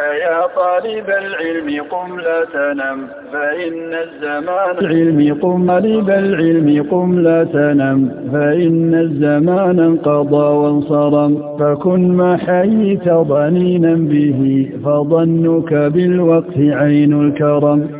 أيا طالب العلم قم لا تنم فإن الزمان العلم قم طالب العلم قم لا تنم فإن الزمان انقضى وانصرم فكن ما حييت ضنينا به فظنك بالوقت عين الكرم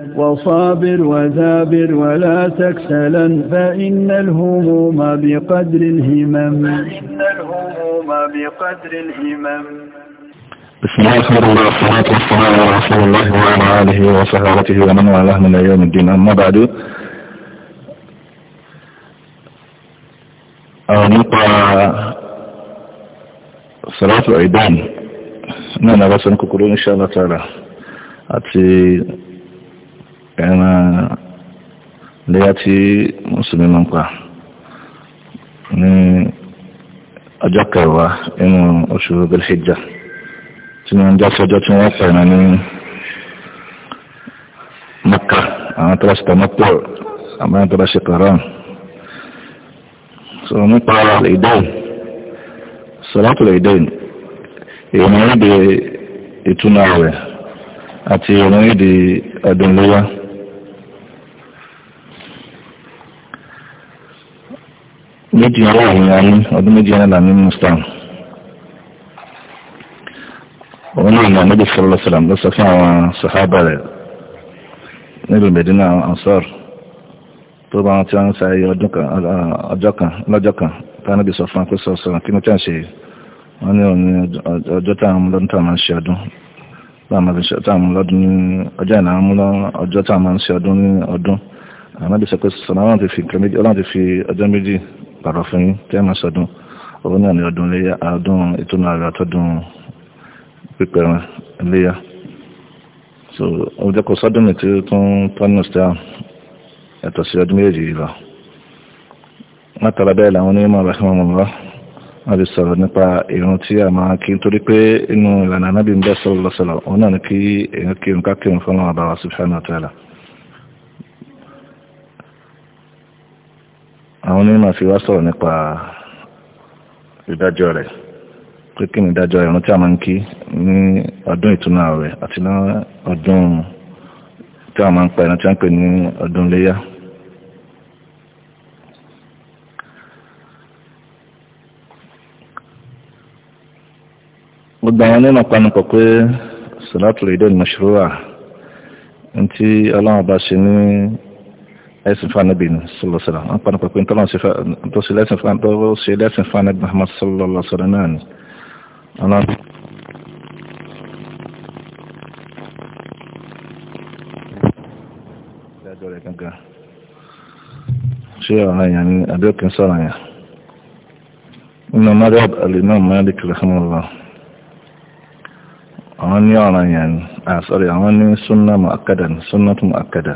وصابر وذابر ولا تكسلا فإن الهموم بقدر الهمم فإن الهموم بقدر الهمم بسم الله الرحمن الرحيم والصلاة والسلام على رسول الله وعلى آله وصحبه ومن والاه من يوم الدين أما بعد nípa sàrátù àìdáni náà nàbásán kòkòrò ní ṣàlátàrà àti ẹran léyà tí mùsùlùmí máa ń pa ní ọjọ́ kẹwàá nínú oṣù belhijja tí wọ́n ń já sí ọjọ́ tí wọ́n pẹ̀rẹ̀ ní maka àwọn tó bá ṣe tẹ̀mọ́ pọ̀ àwọn tó bá ṣe kọ̀ọ̀rọ̀ so nípa ìdáhùn sọ̀rọ̀tò ìdáhùn ìròyìn èdè ìtúnu ààwẹ̀ àti ìròyìn èdè ọdún léyà. méjì náà ni a ní ọdún méjì náà ní mustan òun náà ní ànábì sọlọ sọlọm ló sọ fún àwọn sàhábà rẹ̀ nílùú mẹdínà ansar tó bá wọn tí wọn ń sáyé ọjọ́ kan lọ́jọ́ kan tánàbí sọ fún akóso sọ̀rọ̀ kí ní tí a ṣe wọ́n ní òní ọjọ́ táwọn lọ́dún táwọn máa ń ṣe ọdún táwọn máa ń ṣe ọdún ní ọjọ́ ìnáwó ọjọ́ táwọn máa ń ṣe ọdún ní ọdún ànábì sọ pé sọ̀nà ọlọ́run ti fi nǹkan méjì ọlọ́run ti fi ọjọ́ méjì pàrọ̀ fún yín tí a máa sọdún òun náà ní ọdún léyà ọdún ìtúnu ààrẹ àtọ́dún pípẹ́ran léyà so òun jẹ́ kó sọdún ní tí ó tún tọ́nù sí ẹ̀tọ́ sí ọdún méjì yìí lọ látara bẹ́ẹ̀ làwọn onímọ̀ àbáṣẹ́mọ̀ mọ̀ lọ́wọ́ wọ́n ti sọ̀rọ̀ nípa ìrun tí a máa kí nítorí pé inú ìlànà anábì ń bẹ́ sọ̀rọ̀ lọ́sọ̀rọ̀ òun náà ní kí èèyàn kírun ká kírun fọ́nà àbáwá subhanahu wa ta'ala àwọn onímọ̀ fi wá sọ̀rọ̀ nípa ìdájọ́ rẹ̀ pé kí ni ìdájọ́ tí a ń kí ní ọdún ìtúnú ààwẹ̀ àti ní ọdún tí a ń pa ìrun tí a ń pè ní ọdún léyà. gbogbo àwọn onímọ̀ pé ẹ̀sìn fanabi ní sọlọ́sọ̀lá wọn pa nípa pé tọ́lọ́ ṣe lẹ́sìn fanabi Muhammad sọlọ́sọ̀lá náà ni ọlọ́run. ṣe ọ̀rọ̀ yẹn ni àbíọ́kì ń sọ̀rọ̀ yẹn nínú mariab alimam malik rahimahullah àwọn ní ọ̀rọ̀ yẹn ni àṣọrí ah, àwọn ní súnnà mu akada ní súnnà tó mu akada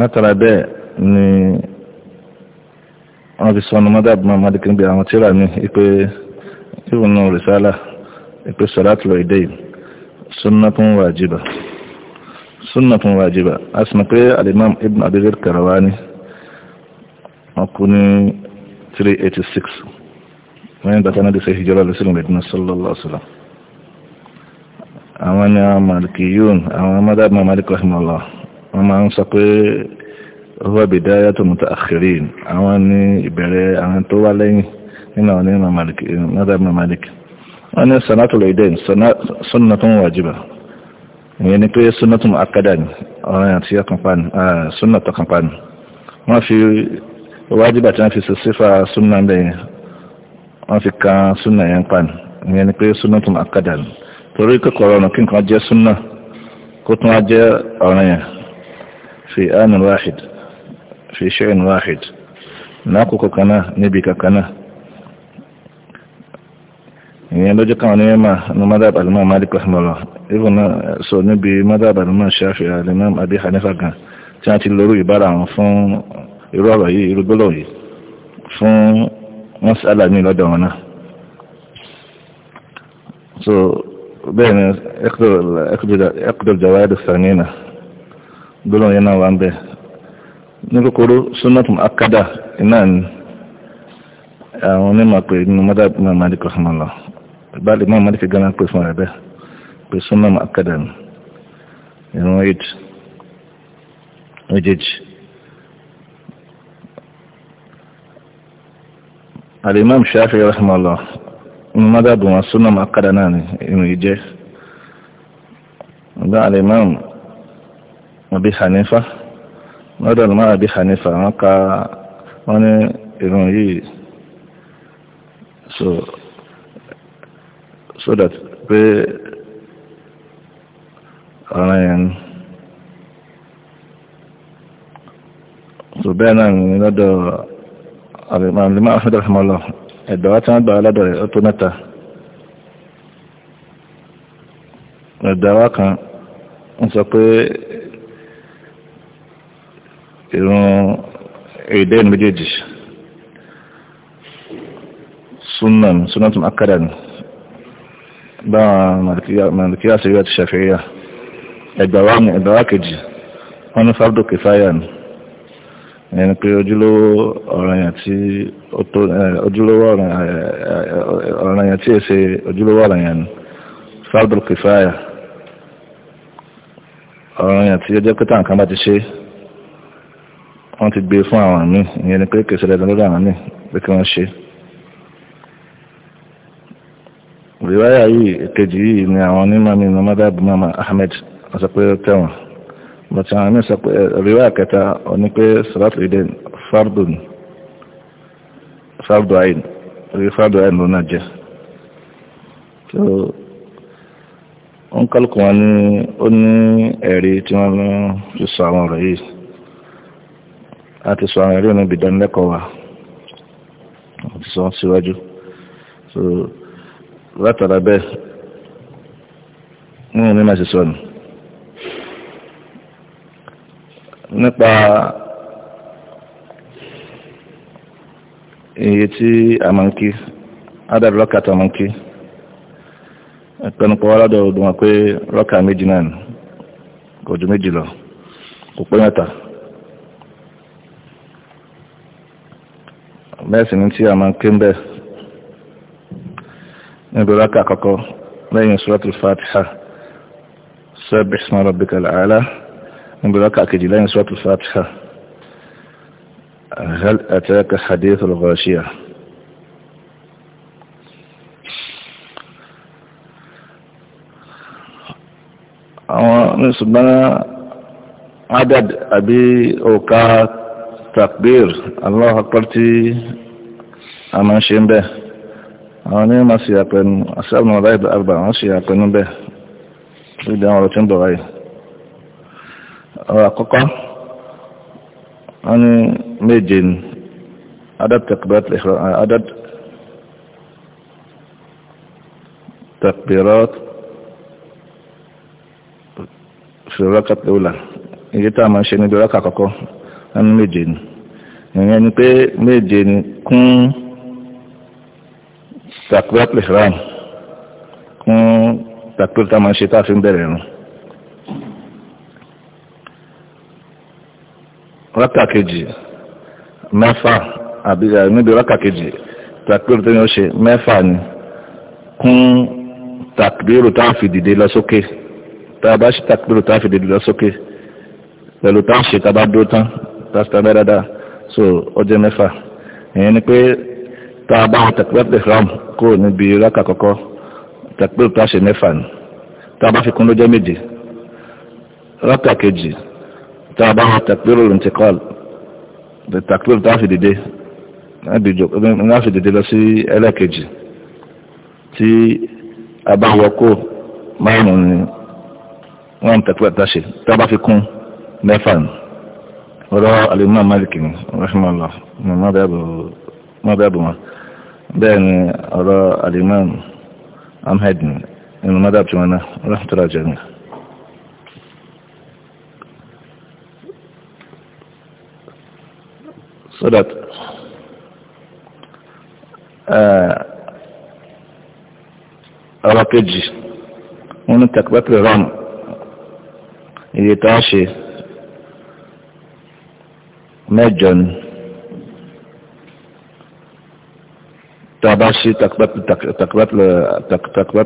látara bẹ́ẹ̀ ni wọ́n fi sọnù mọ́dàbí máa máa dìkín bí àwọn tíra mi ipe ìwònú rìsálà ipe sọ̀rọ̀tìlọ ìdè yìí sunnatun wajiba sunnatun wajiba a alimam ibn abdul karawani ọkùnrin 386 wọ́n gbàtà náà dẹ̀sẹ̀ ìjọba lọ́sílẹ̀ mẹ́dínà sọ́lọ́lọ́sọ́lọ́ àwọn ni àwọn màlìkì yóò àwọn mọ́dàbí máa máa dìkọ̀ wọ́n máa ń sọ pé huwa bidayatu mutaakhirin àwọn ní ìbẹ̀rẹ̀ àwọn tó wá lẹ́yìn nínú àwọn nínú mọ́dàmà malik wọ́n ní sanatul idain sunnatun wajiba ìyẹn ni pé sunnatun akada ni ọ̀rọ̀ àti sunnatun kampani wọ́n fi wajiba tí wọ́n fi sífà sunna bẹ́yẹn wọ́n fi kan sunna yẹn pan ìyẹn ni pé sunnatun akada ni torí kòkòrò ọ̀nà kí nǹkan jẹ́ sunna kó tún wá jẹ́ ọ̀rọ̀ في آن واحد في شيء واحد ناقو كنا نبي كنا ìyẹn ló jẹ́ káwọn onímọ̀ ma ní madhab alimam malik rahimahullah even náà sọ níbi madhab alimam shafi alimam abi hanifa gan tí wọ́n ti lórí ìbára wọn fún irú ọ̀rọ̀ yìí irú gbọ́lọ̀ yìí fún wọ́n sí alàmì lọ́dọ̀ wọn náà so bẹ́ẹ̀ ni ẹkùdọ̀ jawadu sanina gbólóhùn yẹn náà wà ń bẹ̀ ní kúkúrú sunnat akada iná ni àwọn onímọ̀ pé nínú mọ́tàbí mọ́ àmàdí kò sọmọ lọ ìbálẹ̀ mọ́ àmàdí fi gánà pé fún rẹ̀ bẹ́ẹ̀ pé sunnat akada ni ìrún eid méjèèjì. alimam shafi rahimahullah nínú mọ́tàbí wọn sunnat akada náà ni ìrún ìjẹ́ ọ̀gá alimam àbí hanifa lọ́dọ̀ lọ́mọ́ àbí hanifa wọ́n ka wọ́n ní irun yìí so so that pé ọ̀ràn yẹn ni so bẹ́ẹ̀ náà ní lọ́dọ̀ àbìmọ̀ àfẹ́dọ̀ ìmọ̀lọ̀ ẹ̀dọ̀ wá tí wọ́n gbà lọ́dọ̀ rẹ̀ ó tó mẹ́ta ẹ̀dọ̀ wá kan ń sọ pé irun èdè ní méjèèjì sunan sunatun akada ni báwọn malikiya siriya ti ṣàfihàn ẹgbàwá ni ẹgbàwá kejì wọ́n ní fardo kifaya ni ẹni pé ojúlówó ọ̀ranyàn tí ó tó ojúlówó ọ̀ranyàn tí èsè ojúlówó ọ̀ranyàn ni fardo kifaya ọ̀ranyàn tí ó jẹ́ pé bá ti ṣe wọ́n ti gbé fún àwọn míì ìyẹn ni pé kèsì rẹ̀ lọ́dọ̀ àwọn míì pé kí wọ́n ṣe. rìwáyà yìí èkejì yìí ni àwọn onímọ̀ mi ní mọ́dàbù mọ́mọ́ Ahmed wọ́n sọ pé ó tẹ̀wọ̀n bàtí àwọn míì sọ pé rìwáyà kẹta òní pé sọ̀rọ̀tù ìdè fardu ni fardu ayin orí fardu ayin ló náà jẹ́ tó wọ́n kálukú wọn ní ó ní ẹ̀rí tí wọ́n fi sọ àwọn ọ̀rọ̀ yìí láti sọ àwọn eré níbi ìdánilẹ́kọ̀ọ́ wa wọ́n sọ síwájú so látara bẹ́ẹ̀ nínú mi máa ṣe sọnù nípa iye tí a máa ń kí ádàbí lọ́kà tó máa ń kí ẹ̀pẹ́nupọ̀ aládọ̀ ọdún wọn pé lọ́kà méjì náà kò ju méjì lọ kò pé mẹ́ta. mẹ́sìn ní tí a máa ń ké ń bẹ̀ níbi rákà àkọ́kọ́ lẹ́yìn suratul fatiha sabbih isma rabbikal a'la níbi rákà kejì lẹ́yìn suratul fatiha hal ataka hadithul ghashiya àwọn ní ṣùgbọ́n adad àbí òkà takbir Allah Akbar tí a máa ń ṣe ń bẹ́ àwọn ní máa ṣe àpẹnu asáàbùn ọ̀dá ìbá àgbà wọ́n ṣe àpẹnu bẹ́ lórí àwọn ọ̀rọ̀ tí ń bọ̀ wáyé ọ̀rọ̀ àkọ́kọ́ wọ́n ní méje ni adad takbirat rọ́kàtà eh, ìwòlà èyí máa ń ṣe níbi rọ́kà àkọ́kọ́ ẹnu méje ni ìyẹn ni pé méje ni kún takbiratul ihram kún takbiratul tá a máa ṣe tá a fi ń bẹ̀rẹ̀ rún. rákà kejì mẹ́fà àbí níbi rákà kejì takbíru tó ní ó ṣe mẹ́fà ni kún takbíru tá a fi dìde lọ sókè tá a bá ṣe takbíru tá a fi dìde lọ sókè pẹ̀lú tá a ṣe tá a bá dúró tán tàbí dáadáa so ọjọ́ mẹ́fà ìyẹn ni pé tá a bá wọn tẹ̀pẹ́ pẹ̀lú ram kó níbi rákà kọ́kọ́ tẹ̀pẹ́ tó a ṣe mẹ́fà ni tá a bá fi kún lọ́jọ́ méje rákà kejì tá a bá wọn tẹ̀pẹ́ rọrùn ti kọ́ọ̀lù tẹ̀pẹ́ tó a fi dìde náà fi dìde lọ sí ẹlẹ́kejì tí a bá wọ kó márùn-ún ni wọ́n tẹ̀pẹ́ tó a ṣe tá a bá fi kún mẹ́fà ni. وده الإمام مالك رحمه الله ما بيابه ما بيابه ما بيعني وده الإمام عم هدني إنه ما انا دابت معنا رح تراجعني صلاة رابيجي ومن تكبت لرام يتعشي mẹ́jọ ni tọba ṣe takirat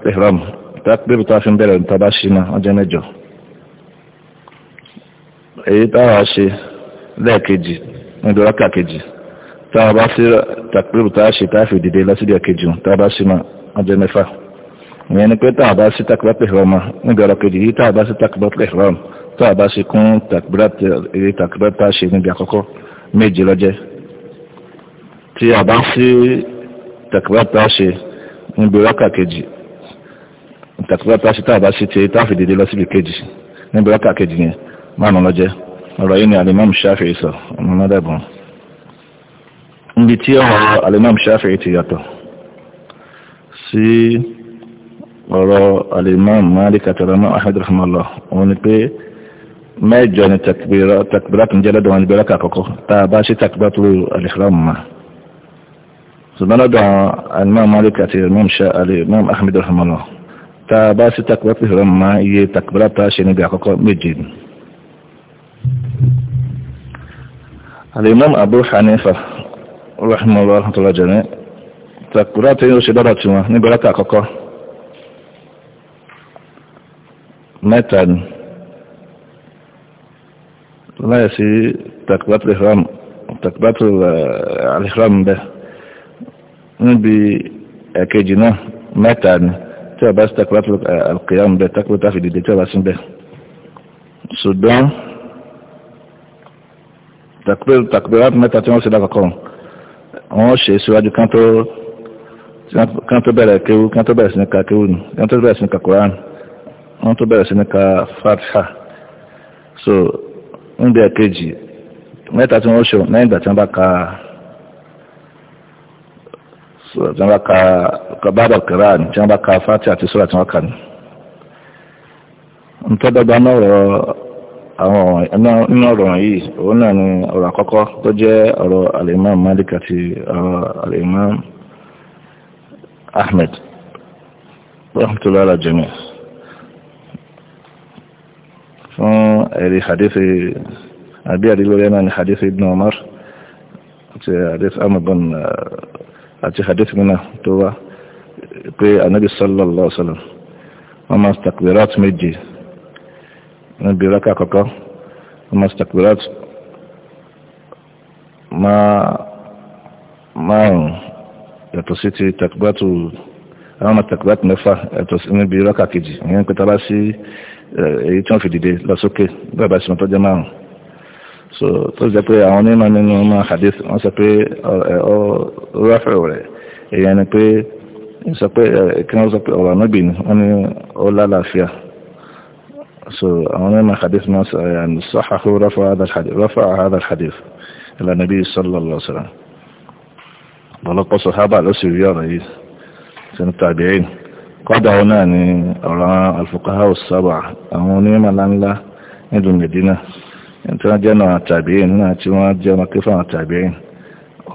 ihram takirat tó a fi ń bẹ̀rẹ̀ tọba ṣe náà ọjọ́ mẹ́jọ èyí táwa ṣe lẹ́ẹ̀kejì níbi rákà kejì táwa bá sí takirat tó a ṣe táà fi dìde lọ́sídìí ẹ̀kejì táwa bá ṣe náà ọjọ́ mẹ́fà ìyẹn ni pé táwa bá sí níbi ọ̀rọ̀ kejì yìí táwa bá sí tó àbá ṣe kún èrè takibata ṣe níbi àkọ́kọ́ méje lọ́jẹ́ tí àbá sí takibata ṣe níbi rákà kejì takibata ṣe tá àbá sí ti táàfì dédé lọ síbi kejì níbi rákà kejì yẹn márùn lọ́jẹ́ ọ̀rọ̀ yìí ni alimami Shafi'i sọ ọmọ mọ́dàbọ̀n níbi tí ọ̀rọ̀ alimami Shafi'i ti yàtọ̀ sí ọ̀rọ̀ alimami Malik àtàlámà Ahmed rahmanullah òun ni pé mẹ́jọ ni takbira tún jẹ́ lọ́dọ̀ wọn níbi ọlọ́kà àkọ́kọ́ tá a bá ṣe takbira tó al-ihram ma ṣùgbọ́n lọ́dọ̀ alimam malik àti imam sha'ali imam ahmed rahmanah tá a bá ṣe takbira tó ihram ma iye takbira tá a ṣe níbi àkọ́kọ́ méje ni. alimam abu hanifa rahimahullah rahmatulah jami takbira tó yóò ṣe lọ́dọ̀ tiwọn níbi ọlọ́kà àkọ́kọ́ mẹ́ta ni láì sí takbatu ihram takbatu al-ihram bẹ́ẹ̀ níbi ẹ̀kejì náà mẹ́ta ni tí a bá sí takbatu al-qiyam bẹ́ẹ̀ takbatu àfìdìdì tí a bá sí bẹ́ẹ̀ ṣùgbọ́n takbatu mẹ́ta tí wọ́n ṣe lákọ̀ọ́kọ́ wọ́n ṣe síwájú kan tó kan tó bẹ̀rẹ̀ kéwú kan tó bẹ̀rẹ̀ sí ní ka kéwú ni kan tó bẹ̀rẹ̀ sí ní ka koran kan tó bẹ̀rẹ̀ sí ní ka fatiha so oúnjẹ kejì mẹ́ta tí wọ́n ṣe lẹ́yìn tí bá ka sọ̀rọ̀ tí bá ka kabada kiran tí bá ka fati àti sọ̀rọ̀ tí wọ́n kà ní. ntọ́dọ̀gba náà rọ àwọn nínú ọ̀rọ̀ yìí òun náà ni ọ̀rọ̀ àkọ́kọ́ tó jẹ́ ọ̀rọ̀ alimam malik àti ọ̀rọ̀ alimam ala fún ẹ̀rí hadithi àbí àdílórí ẹ̀nà ni hadithi ibn Umar àti hadithi amabon uh, àti hadithi mina tó wá pé anabi sallallahu alaihi wasallam wọ́n máa takbirat méje níbi rákà kọ̀kọ́ wọ́n máa takbirat márùn-ún yàtọ̀ sí ti takbiratu àwọn takbirat mẹ́fà yàtọ̀ sí níbi rákà kejì ìyẹn pẹ̀tàlá sí èyí tí wọ́n fi dìde lọ sókè bàbá sí wọn tó jẹ́ márùn so tó jẹ́ pé àwọn onímọ̀ nínú ọmọ hadith wọ́n sọ pé ọ ráfẹ́ rẹ̀ èèyàn ni pé sọ pé kí wọ́n sọ pé ọ̀rọ̀ ànábì ni wọ́n ní ó lálàáfíà so àwọn onímọ̀ hadith náà sọ ẹ̀yàn sọ́hàhó ráfà àhádà hadith ila nabi sallallahu alaihi wasallam ọ̀pọ̀lọpọ̀ sọ̀hábà ló sì rí ọ̀rọ̀ yìí sínú tàbí ẹ̀yìn kọ́dà ọ náà ni ọ̀rọ̀ alfuqaha sábà àwọn onímọ̀ ńláńlá nílùú Medina tí wọ́n jẹ́ náà tàbíyìn náà tí wọ́n jẹ́ ọmọ kífà àwọn tàbíyìn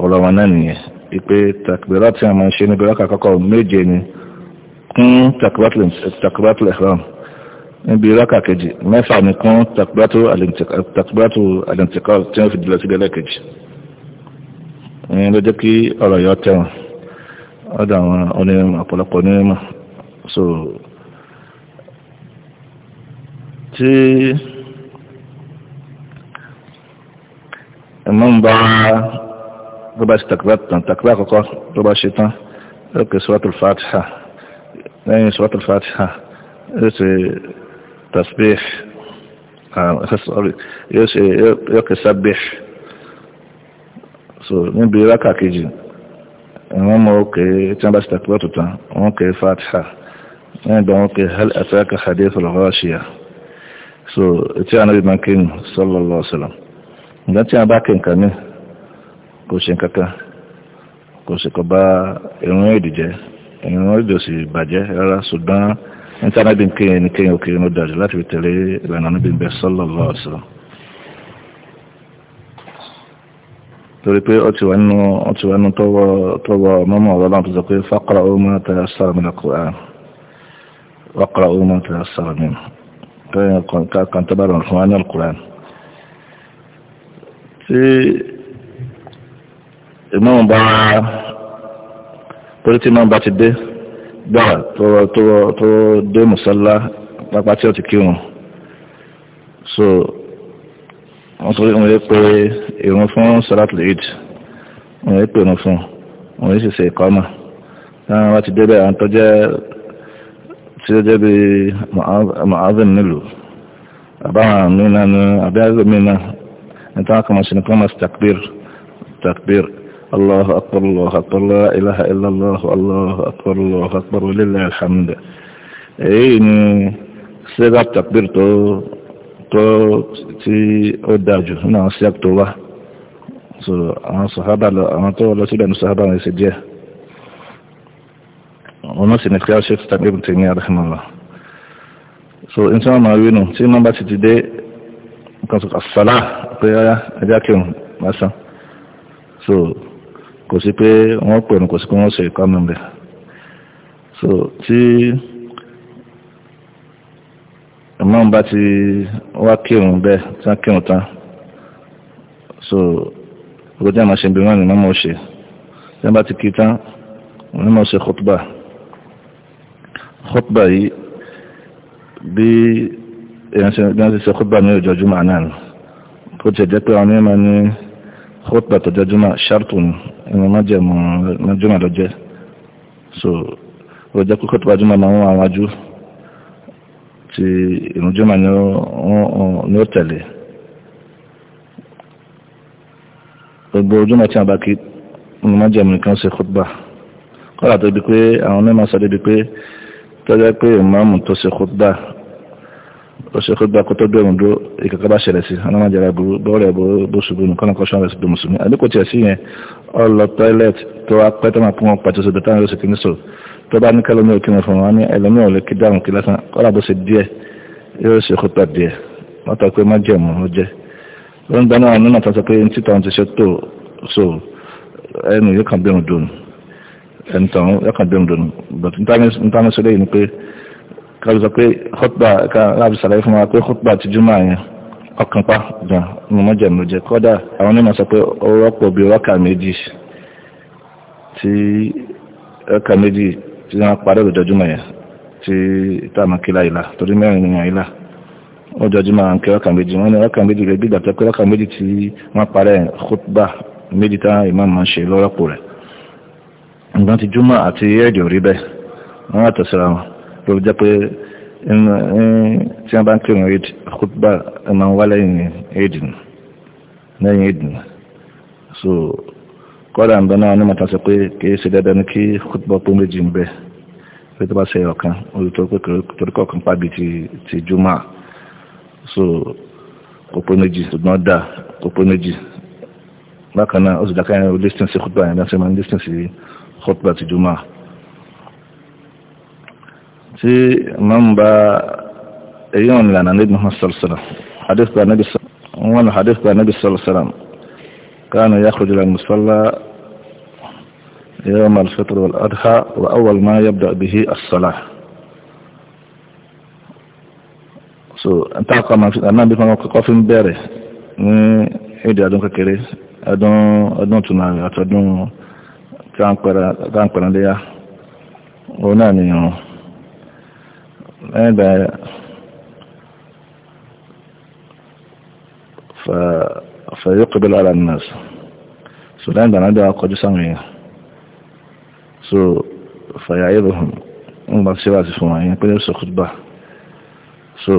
ọ̀rọ̀ wọn náà nìyẹn ipe takbirá tí a máa ń ṣe níbi rákà kọ́kọ́ méje ni kún takbiratul ihram níbi rákà kejì mẹ́fà ni kún takbiratul alintikal tí wọ́n fi jùlọ sí gẹ́lẹ́ kejì ìyẹn ló jẹ́ kí ọ̀rọ̀ yọ tẹ̀wọ̀n ọ̀dọ̀ àwọn onímọ̀ ọ̀pọ̀lọpọ̀ onímọ̀ so tí ẹ̀mọ́ ba bá tó bá ṣe takbira tán takbira àkọ́kọ́ tó bá ṣe tán lókè suratul fatiha lẹ́yìn suratul fatiha yóò ṣe tasbih ah, yóò ṣe yóò kè sábẹ́ so níbi rákà kejì ẹ̀mọ́ mọ́ òkè tí wọ́n bá ṣe takbira tó tán wọ́n kè fatiha wọ́n bá wọn pé hal ataka hadithul so tí a náà bí máa kí ní sallallahu alaihi wasallam ǹgbà tí a bá kí nǹkan ní kò ṣe kankan kò sì kọ bá irun èdè jẹ irun èdè ò sì bàjẹ́ rárá ṣùgbọ́n ní tí a náà bí kí ní kí ní òkèrè ní dájú láti fi tẹ̀lé ìlànà níbi ń bẹ sallallahu alaihi wasallam torí pé ó ti wà nínú tọwọ́ mọ́mọ́ ọ̀rọ̀ náà tó sọ pé faqra'u ma tayassara min al-Qur'an واقرأوا ما تيسر منه كان تبرع القرآن القرآن tí ìmọ̀n bá torí tí ìmọ̀n bá ti dé gbà tó tó dé mùsọ́lá pápá tí ó ti kírun so wọ́n sọ wọ́n lè pe ìrun fún sọ́látìlì eid wọ́n lè pe ìrun fún wọ́n lè sì ṣe ìkọ́mà táwọn bá ti débẹ̀ àwọn tó jẹ́ tí ó jẹ́ bí ma'azin nílùú àbáwọn mìíràn ní àbíyàzẹ́ mìíràn ní tán kọmọ̀ sí ní kọmọ̀ sí takbir takbir allahu akbar allahu akbar ilaha illallah allahu akbar allahu akbar lillahi alhamd èyí ni sígá takbir tó tó tí ó dájú náà sí àtọwá so àwọn sọ̀hábà àwọn tó lọ sílẹ̀ ní sọ̀hábà wọn ṣe díẹ̀ wọn náà sì ní kíláàsì ṣe tàbí ìbùtì ní àdáhìmọ́lá so n tí wọ́n máa rí nù tí wọ́n bá ti ti dé nǹkan tó kàṣálà pé ọyá ẹjá kírun lásán so kò sí pé wọ́n pè ní kò sí pé wọ́n ṣe ìkánu rẹ̀ so tí ìmọ̀n bá ti wá kírun bẹ́ẹ̀ tí wọ́n kírun tán so ìgbọ́dọ̀ àmọ́ ṣe bí wọ́n ní mọ́mọ́ ṣe tí wọ́n bá ti kí tán wọ́n ní mọ́ ṣe kọ́tùbà khutba yìí bí èèyàn ṣe bí wọ́n ti ṣe khutba ní ojoojúmọ́ àná nù kó tiẹ̀ jẹ́ pé àwọn onímọ̀ ní khutba tó jọjúmọ́ ṣáàtù ni ìwọ̀n má jẹ́ mọ́ jùmọ̀ lọ́jẹ́ so ó jẹ́ pé khutba jùmọ̀ máa ń wà wájú ti ìrun jùmọ̀ ni ó tẹ̀lé gbogbo ojúmọ̀ tí a bá kí ní má jẹ́ mọ́ nìkan ṣe khutba kọ́lá tó di pé àwọn onímọ̀ sọ débi pé tọ́jọ́ pé ìmáàmù tó ṣe kúdà ó ṣe kúdà kó tó bẹ̀rù dó ìkẹ́kẹ́ bá ṣẹlẹ̀ sí ọlọ́mọdéra burú bọ́ọ̀rẹ̀ bó ṣubú nìkan náà kọ́ṣọ́ rẹ̀ sí mùsùlùmí àdínkù tiẹ̀ sí yẹn ọlọ toilet tó wá pẹ́ tó máa pín wọn pàtó ṣèbẹ̀tà ní oṣù kìíní sọ tó bá ní kẹlẹ́mí òkè wọn fún wọn ní ẹlẹ́mí ò lè kí dáhùn kí lásán kọ́lá so ẹnu yóò kàn ẹ̀ntàn ẹ̀kàn dẹ̀mdùn but ntàmẹ́sọ́lẹ̀ yìí eh, ni pé kábísọ̀ pé hotba káàbí sàlàyé fún wa pé hotba ti jùmọ̀ àyẹn ọkàn pa gan ní mọ́jẹ̀mú jẹ kọ́dà àwọn onímọ̀ sọ pé ó rọ́pò bíi ọkà méjì tí ọkà méjì tí wọ́n parí òjòjúmọ̀ yẹn tí táàmù kílá ìlà torí mẹ́rin nìyàn ìlà òjòjúmọ̀ àwọn kí ọkà méjì wọ́n ní ọkà méjì rẹ̀ bí ìgbà tó pé ọkà méjì tí wọ́n parí hotba méjì táwọn ìmọ̀ máa ń ṣe lọ́rọ́pò rẹ̀ nǹkan ti júmọ́ àti ẹ̀dì orí bẹ́ẹ̀ wọ́n wà tẹ̀síra wọn ló jẹ́ pé tí wọ́n bá ń kírun éèdì àkútùbà máa ń wá lẹ́yìn éèdì lẹ́yìn éèdì so kọ́dà ń bẹ náà onímọ̀ tán sọ pé kìí ṣe dandan ní kí àkútùbà pé méjì ń bẹ pé tó bá ṣe ọ̀kan olùtọ́ pé torí kọ̀ọ̀kan pàbí ti júmọ́ so kò pé méjì ṣùgbọ́n dà kò pé méjì bákan náà ó sì dákẹ́ خطبة جمعة تي منبا ايون لنا نبي محمد صلى الله عليه وسلم حديث بها نبي صلى الله عليه وسلم كان يخرج إلى المصلى يوم الفطر والأضحى وأول ما يبدأ به الصلاة so an taa kama fi anan bi fana kɔkɔ fi bɛrɛ ni e de adun kakere adun adun tunu ati adun tí wọ́n ń pẹ̀rẹ̀ léyà òun náà nìyàn lẹ́yìn ìgbà yẹn fẹ̀yọ́kọ̀ bí lára nọ́ọ̀sì so lẹ́yìn ìgbà náà bí wọ́n kọjú sáwọn èèyàn so fẹ̀yà ayé lóhùn ń bá ṣe wáṣí fún wọn yẹn pé so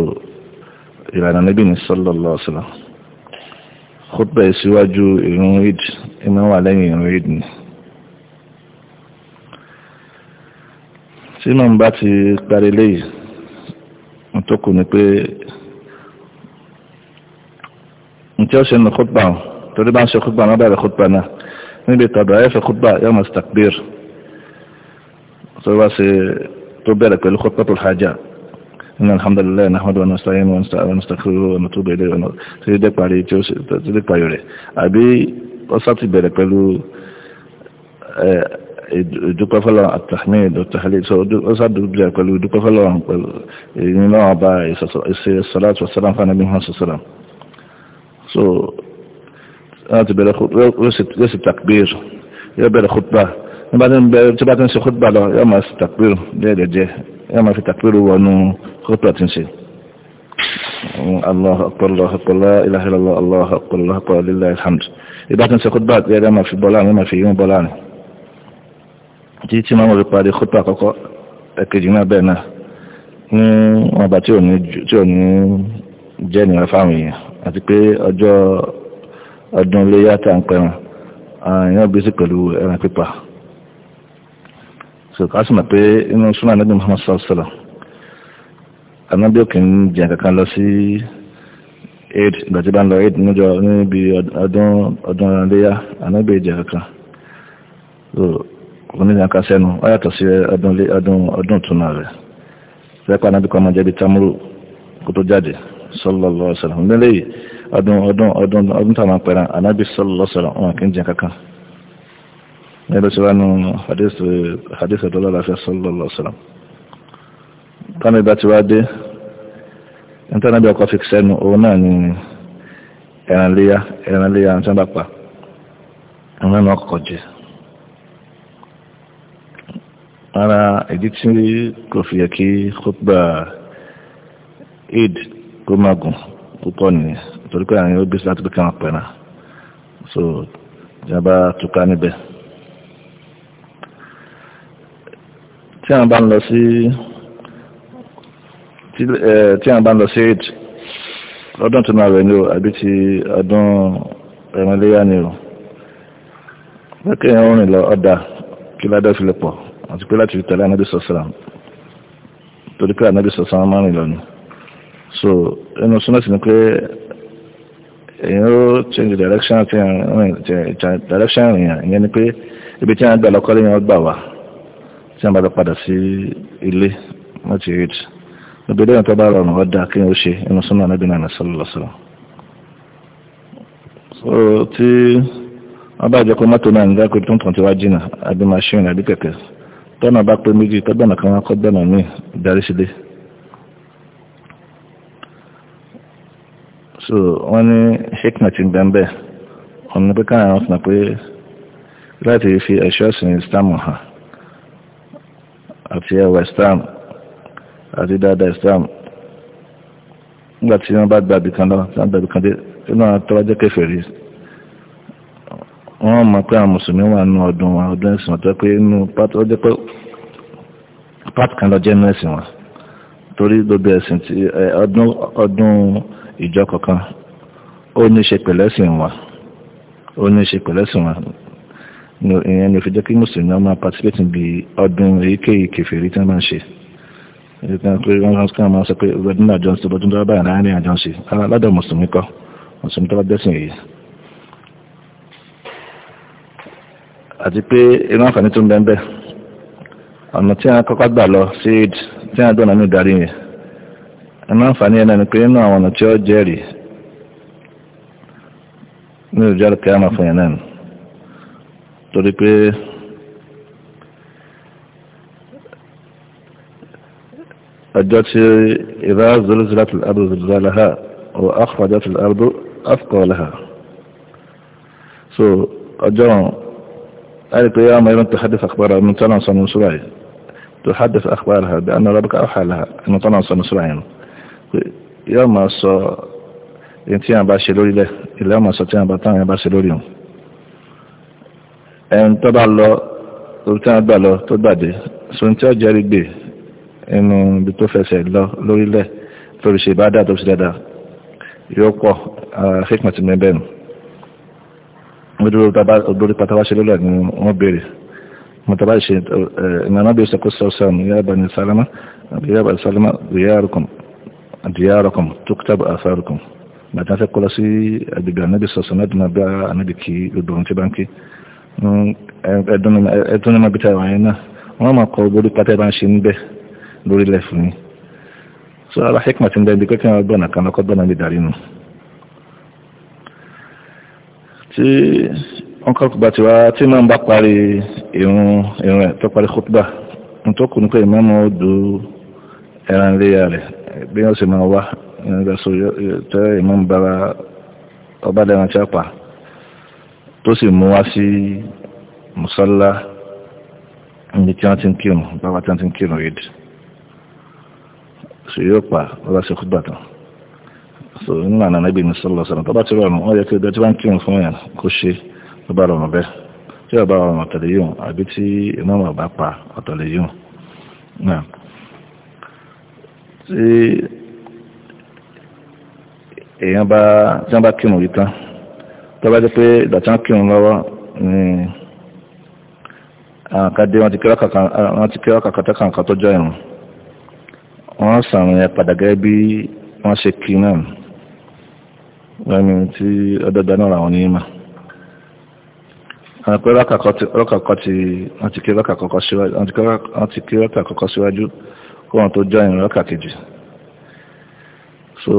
ìlànà níbi ní sallallahu alaihi wasallam ìrún ìd ìmọ̀ lẹ́yìn ìrún ìd ni. tí mọ̀ ń bá ti parí léyìí wọ́n tó kù ní pé ntí ó ṣe nù kútbà ọ̀ torí bá ń ṣe kútbà náà bẹ̀rẹ̀ kútbà náà níbi tọ̀dọ̀ ẹ̀fẹ̀ kútbà yóò mọ̀ stakbir tó bá ṣe tó bẹ̀rẹ̀ pẹ̀lú kútbà tó hajjá إن الحمد لله نحمده ونستعينه ونستغفره ونتوب إليه ونتوب parí tí ó ṣe tí ó parí rẹ̀ àbí ó sá ti bẹ̀rẹ̀ pẹ̀lú ìdúpẹ́ fọ́lọ́run àtàmíd ọ̀tàhálẹ́ ọ̀sàdùgbẹ́ pẹ̀lú ìdúpẹ́ fọ́lọ́run pẹ̀lú ìrìnà ọba ìsọ̀láàtù ọ̀sàdàn fánàbí hàn sọ̀sàdàn so láti bẹ̀rẹ̀ yóò sì takbir yóò bẹ̀rẹ̀ khutba tí bá ti ń ṣe khutba lọ yóò máa fi takbir díẹ̀dẹ̀díẹ̀ yóò máa fi takbir wọnú khutba ti ń ṣe الله أكبر الله أكبر لا إله إلا الله الله أكبر الله أكبر لله الحمد إذا كنت خطبات يا ما في بولان ما في يوم بولان tí tí máa ń wọ́n parí kópa àkọ́kọ́ ẹ̀kejì náà bẹ́ẹ̀ náà ní wọn bá tí ò ní jẹ́ nìyẹn fáwọn èèyàn àti pé ọjọ́ ọdún iléyà tá à ń pẹ̀rùn èèyàn gbèsè pẹ̀lú ẹran pípa sọ̀kà sì mọ̀ pé inú súnà níbi Muhammad sallallahu alaihi wasallam anábí òkè ń jẹ́ kankan lọ sí aid ìgbà tí bá ń lọ aid níjọ níbi ọdún ọdún iléyà anábí ìjẹ́ kankan oníyànká sẹ́nu ó yàtọ̀ sí ọdún ìtúnà rẹ̀ rẹ́pà náà bí kọ́ máa jẹ́ tamuru kó tó jáde sallallahu alaihi wasallam nílé yìí ọdún ọdún ọdún ọdún tàà máa anábì kì í jẹ kankan ní nù hadith tánà dé ọkọ̀ sẹ́nu òun náà ni ẹ̀rànlẹ́yà ẹ̀rànlẹ́yà ara ìdí tí kò fi yẹ kí khutba eid kó má gùn púpọ̀ nìyẹn torí pé àwọn yóò gbé sí láti bí káwọn pẹ̀lá so ìjọba túká níbẹ̀ tí àwọn bá ń lọ sí tí àwọn bá ń lọ sí eid ọdún tó náà rẹ̀ ni o àbí ti ọdún ẹ̀rọ iléyà ni o lọ́kẹ́ ìrìn lọ ọ̀dà kí ládọ́ fi lè pọ̀ àti pé láti tẹ̀lé anábì sọ̀sọ̀rọ̀ torí pé anábì sọ̀sọ̀rọ̀ máa rìn lọ́nu so ẹnu súnmọ́ sí ni pé èyàn ó change direction ti direction èèyàn ìyẹn ni pé ibi tí wọ́n gbà lọ́kọ́lé yẹn gbà wá tí wọ́n bá lọ padà sí ilé láti rí it gbogbo ilé tó bá rọrùn ọ̀dà kí wọ́n ṣe ẹnu súnmọ́ anábì náà sọ̀rọ̀ lọ́sọ̀rọ̀ so tí wọ́n bá jẹ́ pé mọ́tò náà ń dá pé tuntun ti wá jìnnà àbí machine àbí kẹ̀kẹ́ tọ́nà bá pé méjì tọ́gbọ̀nà kan wá kọ́gbọ̀nà míì darí sílé so wọ́n ní hikma ti gbẹ̀ ń bẹ̀ ọ̀nà pé káàrin wọn fìnà pé láti fi ẹ̀ṣọ́ ìsìn islam hàn àti ẹwà islam àti dáadáa islam nígbà tí wọ́n bá gbàbì kan lọ tí wọ́n dé inú àwọn tọ́wọ́ jẹ́ kèfèrí wọ́n mọ̀ pé àwọn mùsùlùmí wà nínú ọdún wọn ọdún ẹ̀sìn wọn tó pé inú pátọ́jẹ́ pé pátì kan lọ jẹ́ inú ẹ̀sìn wọn torí gbogbo ẹ̀sìn ti ọdún ọdún ìjọ kọ̀ọ̀kan ó ní ṣe pẹ̀lẹ́sìn wọn ó ní ṣe pẹ̀lẹ́sìn wọn ìyẹn ni òfìjẹ́ kí mùsùlùmí wọn máa participate bí ọdún èyíkéyìí kẹfìrí tí wọ́n máa ń ṣe ìtàn pé wọ́n máa sọ pé ọdún àjọṣe àti pé irú àǹfààní tó ń bẹ́ẹ̀ bẹ́ẹ̀ ọ̀nà tí a kọ́kọ́ gbà lọ sí aid tí a dọ̀nà ní ìdarí yẹn irú àǹfààní yẹn náà ni pé nínú àwọn ọ̀nà tí ó jẹ́rìí ní ìjọ kí a máa fún yẹn náà torí pé ọjọ́ tí ìdá zulzilat al-ardu zilzalaha wa akhrajat al-ardu athqalaha so ọjọ́ قالت يا مريم تحدث أخبارها من طلع صلى الله تحدث أخبارها بأن ربك أوحى لها أن طلع صلى الله يا ما صلى ẹni tí a bá ṣe lórí lẹ̀ ilẹ̀ ọmọ sọ tí a bá táwọn ẹbá ṣe lórí wọn ẹni tó bá lọ orí tí a gbà lọ tó gbàdé so tí ó jẹ́rí gbè inú ibi tó fẹsẹ̀ lọ lórí lẹ̀ lórí ṣe ìbádà tó ṣe dáadáa yóò pọ̀ àfikún ti mẹ́bẹ̀rún odori pataba ṣe lọ́lọ́ ni wọ́n bèèrè mọ̀tàbá ṣe ìmọ̀nà bí ṣe kó sọ́sàn ya bá ní sálámà ya bá ní sálámà diyarakum tuktab atharukum bàtà fẹ́ kọ́lọ́ sí agbègbè anábì sọ̀sàn láti máa bá anábì kí odòrùn tí bá ń kí hmm, ẹdún ní mabita ìwà yẹn náà wọ́n máa kọ kan lọ́kọ́ gbọ́nà lè tí wọ́n kọ́ kùbà tí wá tí máa ń bá parí ìrun ìrun ẹ̀ tó parí kútbà ń tó kù ní pé ìmọ̀ mọ́ odò ẹran léyà rẹ̀ bí wọ́n sì máa wá ìrìnàṣọ tẹ́ ìmọ̀ bára ọba dẹran tí a pa tó sì mú wá sí musalla níbi tí wọ́n ti ń kírun bàbá tí wọ́n ti ń kírun yìí sì yóò pa ọba sí kútbà tán so nínú ànàbí ní sọ́lọ̀ sọ́nà tó bá ti rọrùn wọ́n yẹ kí ọjọ́ tí wọ́n kírun fún yàn kó ṣe tó bá rọrùn bẹ́ẹ̀ tí ọba rọrùn ọ̀tọ̀lẹ̀ yìí àbí tí ìmọ̀mọ̀ bá pa ọ̀tọ̀lẹ̀ yìí náà tí èèyàn bá tí wọ́n bá kírun yìí tán tó bá jẹ́ pé ìgbà tí wọ́n kírun lọ́wọ́ ni àkàdé wọn ti kí ọkàkà tẹ́kàǹkà tó jọ ìrùn wọ́n sàrùn yẹn padà gẹ́gẹ́ bí wọ́n ṣe kí náà lẹ́nu tí ọdọ́dọ́ náà ràwọn ní ìmọ̀ àwọn pé rọ́kàkọ́ ti wọ́n ti kí rọ́kà kọ́kọ́ síwájú kó wọ́n tó jọ ìrìn rọ́kà kejì so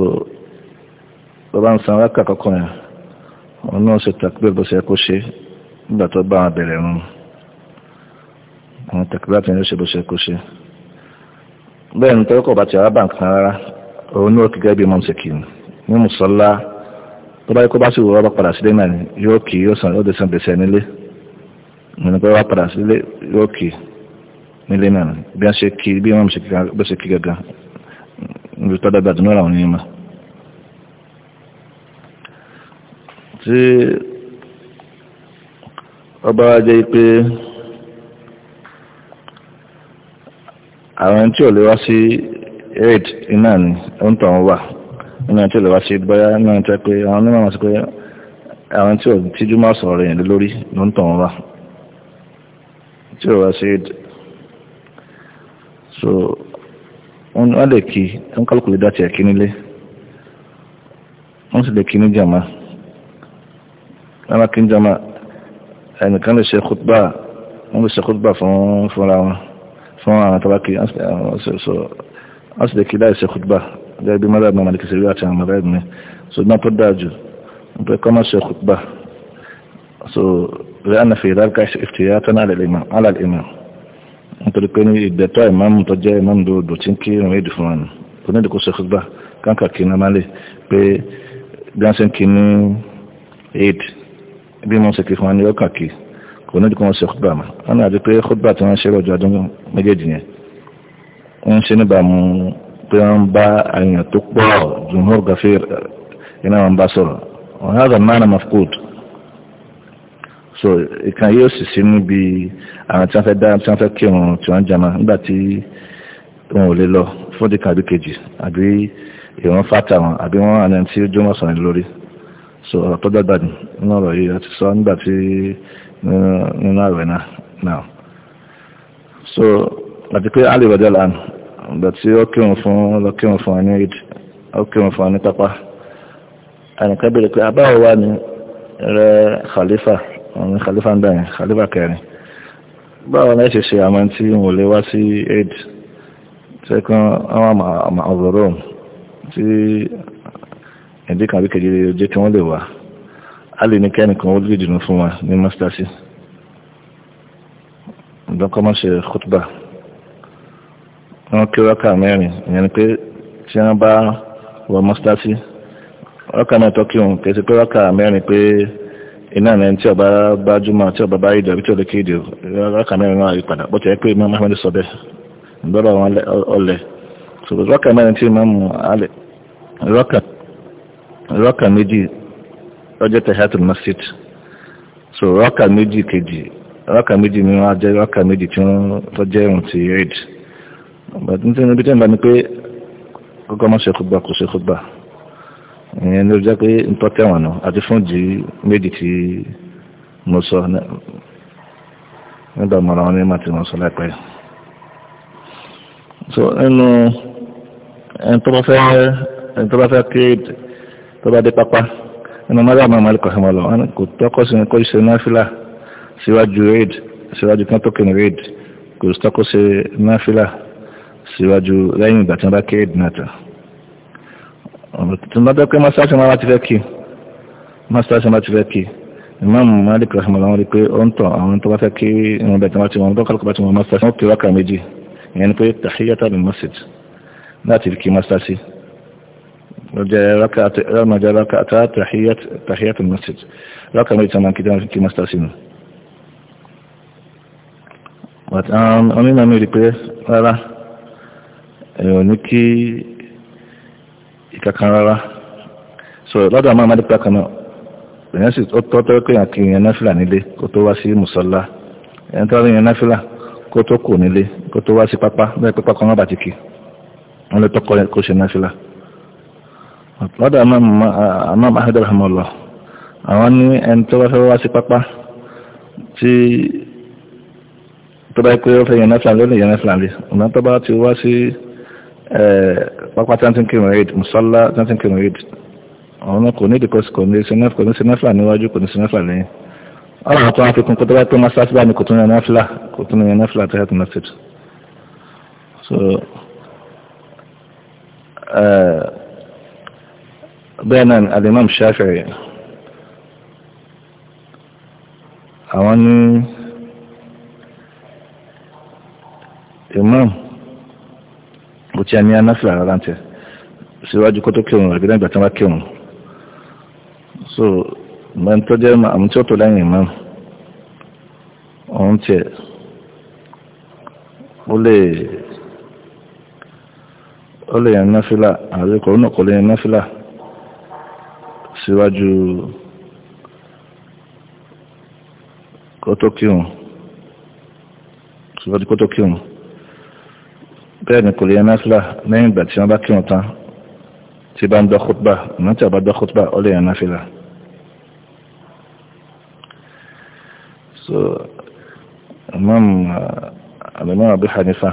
tó bá ń san rọ́kà kọ́kọ́ yẹn wọn náà ṣe tàkbír bó ṣe kó ṣe nígbà tó bá wọn bẹ̀rẹ̀ rún àwọn tàkbír àti ìrìn ṣe bó ṣe kó ṣe bẹ́ẹ̀ ni tọ́kọ̀ bá ti ara bá nǹkan rárá òun ní òkè gẹ́gẹ́ bí mọ́mùsẹ̀kì ní mùsọ́lá tó bá yẹ kó bá sì wọ́n bá padà sílé náà ni yóò kì yóò san ọdẹ san gbèsè nílé nínú pé wọ́n padà sílé yóò kì nílé náà bí wọ́n ṣe kí bí wọ́n ṣe kí gangan níbi tó dàgbà dùnú àwọn onímọ̀. tí ọba wa jẹ́ pé àwọn tí ò lè wá sí aid iná ni ó ń tàn wá nínú ẹni tí olùwà ṣe bọ́yá nínú ẹni tẹ́ pé àwọn onímọ̀ wọn sọ pé àwọn tí ò tíjú máa sọ̀rọ̀ yẹn lórí ló ń tàn wá tí olùwà ṣe so wọ́n lè kí wọ́n kálukú lè dá tiẹ̀ kí nílé wọ́n sì lè kí ní jàmá lọ́nà kí ní jàmá ẹnìkan lè ṣe kútbà wọ́n lè ṣe kútbà fún fúnra wọn fún àwọn tọ́bákì wọ́n sì lè kí láì ṣe kútbà gẹ́gẹ́ bí mọ́dàbí màmá kìsìrí àti àwọn mọ́dàbí mi so náà tó dáa jù pé kọ́ máa ṣe so rẹ̀ àna fi ìdárúkà ìfìyà tán alàlìmọ̀ nítorí pé ní ìdẹ̀tọ́ ìmáàmù tó jẹ́ ìmáàmù dòdò tí ń kí ìrìn èdè fún wọn kò ní ìdíkó ṣe kúpa káńkà kí ní amálẹ̀ pé gánsẹ́ kí ní aid bí wọ́n ṣe kí fún wọn ní ọkà kí kò ní ìdíkó wọn ṣe kúpa mà wọn àti pé kúpa tí wọ́n ṣe lọ́jọ́ ọdún méjèèjì yẹn wọ́n ṣe níbàámu pé wọ́n bá àyàn tó pọ̀ jùmọ̀ gàfẹ́ iná wọn bá sọ̀rọ̀ wọn hàn án mánà mafkud so ìkan yóò sì sí níbi àwọn tí wọ́n fẹ́ dá tí wọ́n fẹ́ kírun tí wọ́n jama nígbà tí wọn ò lè lọ fún dìkan àbí kejì àbí ìwọ̀n fata wọn àbí wọn àná tí ó jọmọ̀ sọ̀rọ̀ lórí so ọ̀rọ̀ tó dọ́gba ni nínú ọ̀rọ̀ yìí àti sọ nígbà tí nínú àwẹ̀ náà so àti pé alẹ́ ìrọ̀jọ́ lánàá ìgbà tí ó kírun fún lọ kírun fún ẹni ìd ó kírun fún ẹni pápá ẹnìkan bèrè pé abáwo wà ní rẹ khalifa ọ̀run khalifa ń dàyẹn khalifa kẹrin báwo náà ṣe ṣe àmọ́ tí wọ́n lè wá sí aid sẹ́kàn àwọn àmà ọ̀rọ̀ tí ìdí kan bí kejì jẹ́ kí wọ́n lè wá a lè ní kẹ́nìkan ó lè dìnnú fún wa ní mọ́sításí ìdọ́kọ́mọ́ṣe khutbah wọ́n kí rọ́kà mẹ́rin ìyẹn ni pé tí wọ́n bá wọ mọ́sításí rọ́kà náà tọ́kí òun kẹsí pé rọ́kà mẹ́rin pé iná rẹ̀ ọba bá júmọ̀ tí ọba bá ìdọ̀ tí ó lè kéde rọ́kà mẹ́rin náà rí bó ti pé sọ bẹ́ẹ̀ wọn ọlẹ̀ rọ́kà mẹ́rin tí alẹ̀ rọ́kà méjì rọ́kà méjì kejì rọ́kà méjì mìíràn á jẹ́ rọ́kà méjì tí wọ́n bàtí tí níbi tẹ́ǹbà ni pé kọ́kọ́ má ṣe kúgbà kò ṣe kúgbà ìyẹn ló jẹ́ pé ń tọ́ tẹ̀wọ̀n nù àti fún ìdí méjì tí mo sọ nígbà mọ̀ra wọn ní má ti wọ́n sọ láìpẹ́ so nínú ẹni tó bá fẹ́ ẹni tó bá fẹ́ kí tó bá dé pápá nínú mọ́ra àmọ́ àmọ́ àlùkò àmọ́ lọ wọn kò tọ́kọ́ sí kó ṣe náfìlà síwájú raid síwájú kí tó kéde raid kò tọ́kọ́ sí náfìlà síwájú lẹ́yìn ìgbà tí wọ́n bá kéré dínàtà tí wọ́n bá dọ́pẹ́ mọ́sáàsì máa láti fẹ́ kí mọ́sáàsì máa ti fẹ́ kí imam malik rahman àwọn rí pé ó ń tàn àwọn tó bá fẹ́ kí wọn bẹ̀ tí wọ́n ti wọn dọ́kọ̀lọ́kọ̀ bá ti wọn mọ́sáàsì wọn kí wákà méjì ìyẹn ni pé tahiyata bin masjid láti kí kí mọ́sáàsì but um, onímọ̀ mi rí èèyàn ní kí ìkankan rárá so lọ́dọ̀ àmọ́ àmọ́dé pàkan náà èèyàn sì tọ́ tọ́ pé àkè èèyàn náfìlà nílé kó tó wá sí mùsọ́lá èèyàn tọ́ èèyàn náfìlà kó tó kù nílé kó tó wá sí pápá bẹ́ẹ̀ pé pápá wọn bàtí kì wọ́n lè tọ́kọ kó ṣe náfìlà lọ́dọ̀ àmọ́ àhẹ́dẹ́ rahmanlọ àwọn ní ẹni tó wá fẹ́ wá sí pápá tí tó bá yẹ pé ó fẹ́ yẹn náfìlà lé ó lè yẹn náfìlà lé ọ̀nà tó bá ti wá sí Eh, pápá tí wọ́n ti ń eid musalla tí wọ́n ti ń eid àwọn náà kò ní ìdíkọ́ sí kò ní sí mẹ́fà níwájú kò ní sí mẹ́fà lẹ́yìn ọ̀rọ̀ tó wá fi kó tó bá tó mọ́sálásí bá ní kò tún yan náfìlà kò tó náà so eh, bẹ́ẹ̀ náà alimam Shafi'i àwọn imam. bó tí a ní anáfíà rárá ń tẹ síwájú kó kírun àbí lẹ́gbàá tí bá kírun so mẹ́rin tó jẹ́ àmú tí ó tó lẹ́yìn imam òun tiẹ̀ ó lè ó lè yan náfílà àbí kò náà kò lè yan náfílà síwájú kó kírun síwájú kó kírun bẹ́ẹ̀ ni kò lè yan náfìlà lẹ́yìn ìgbà tí wọ́n bá kírun tán tí bá ń dọ́ kútbà ọ̀nà tí a bá dọ́ kútbà ó lè yan náfìlà. so imam alimam uh, abu hanifa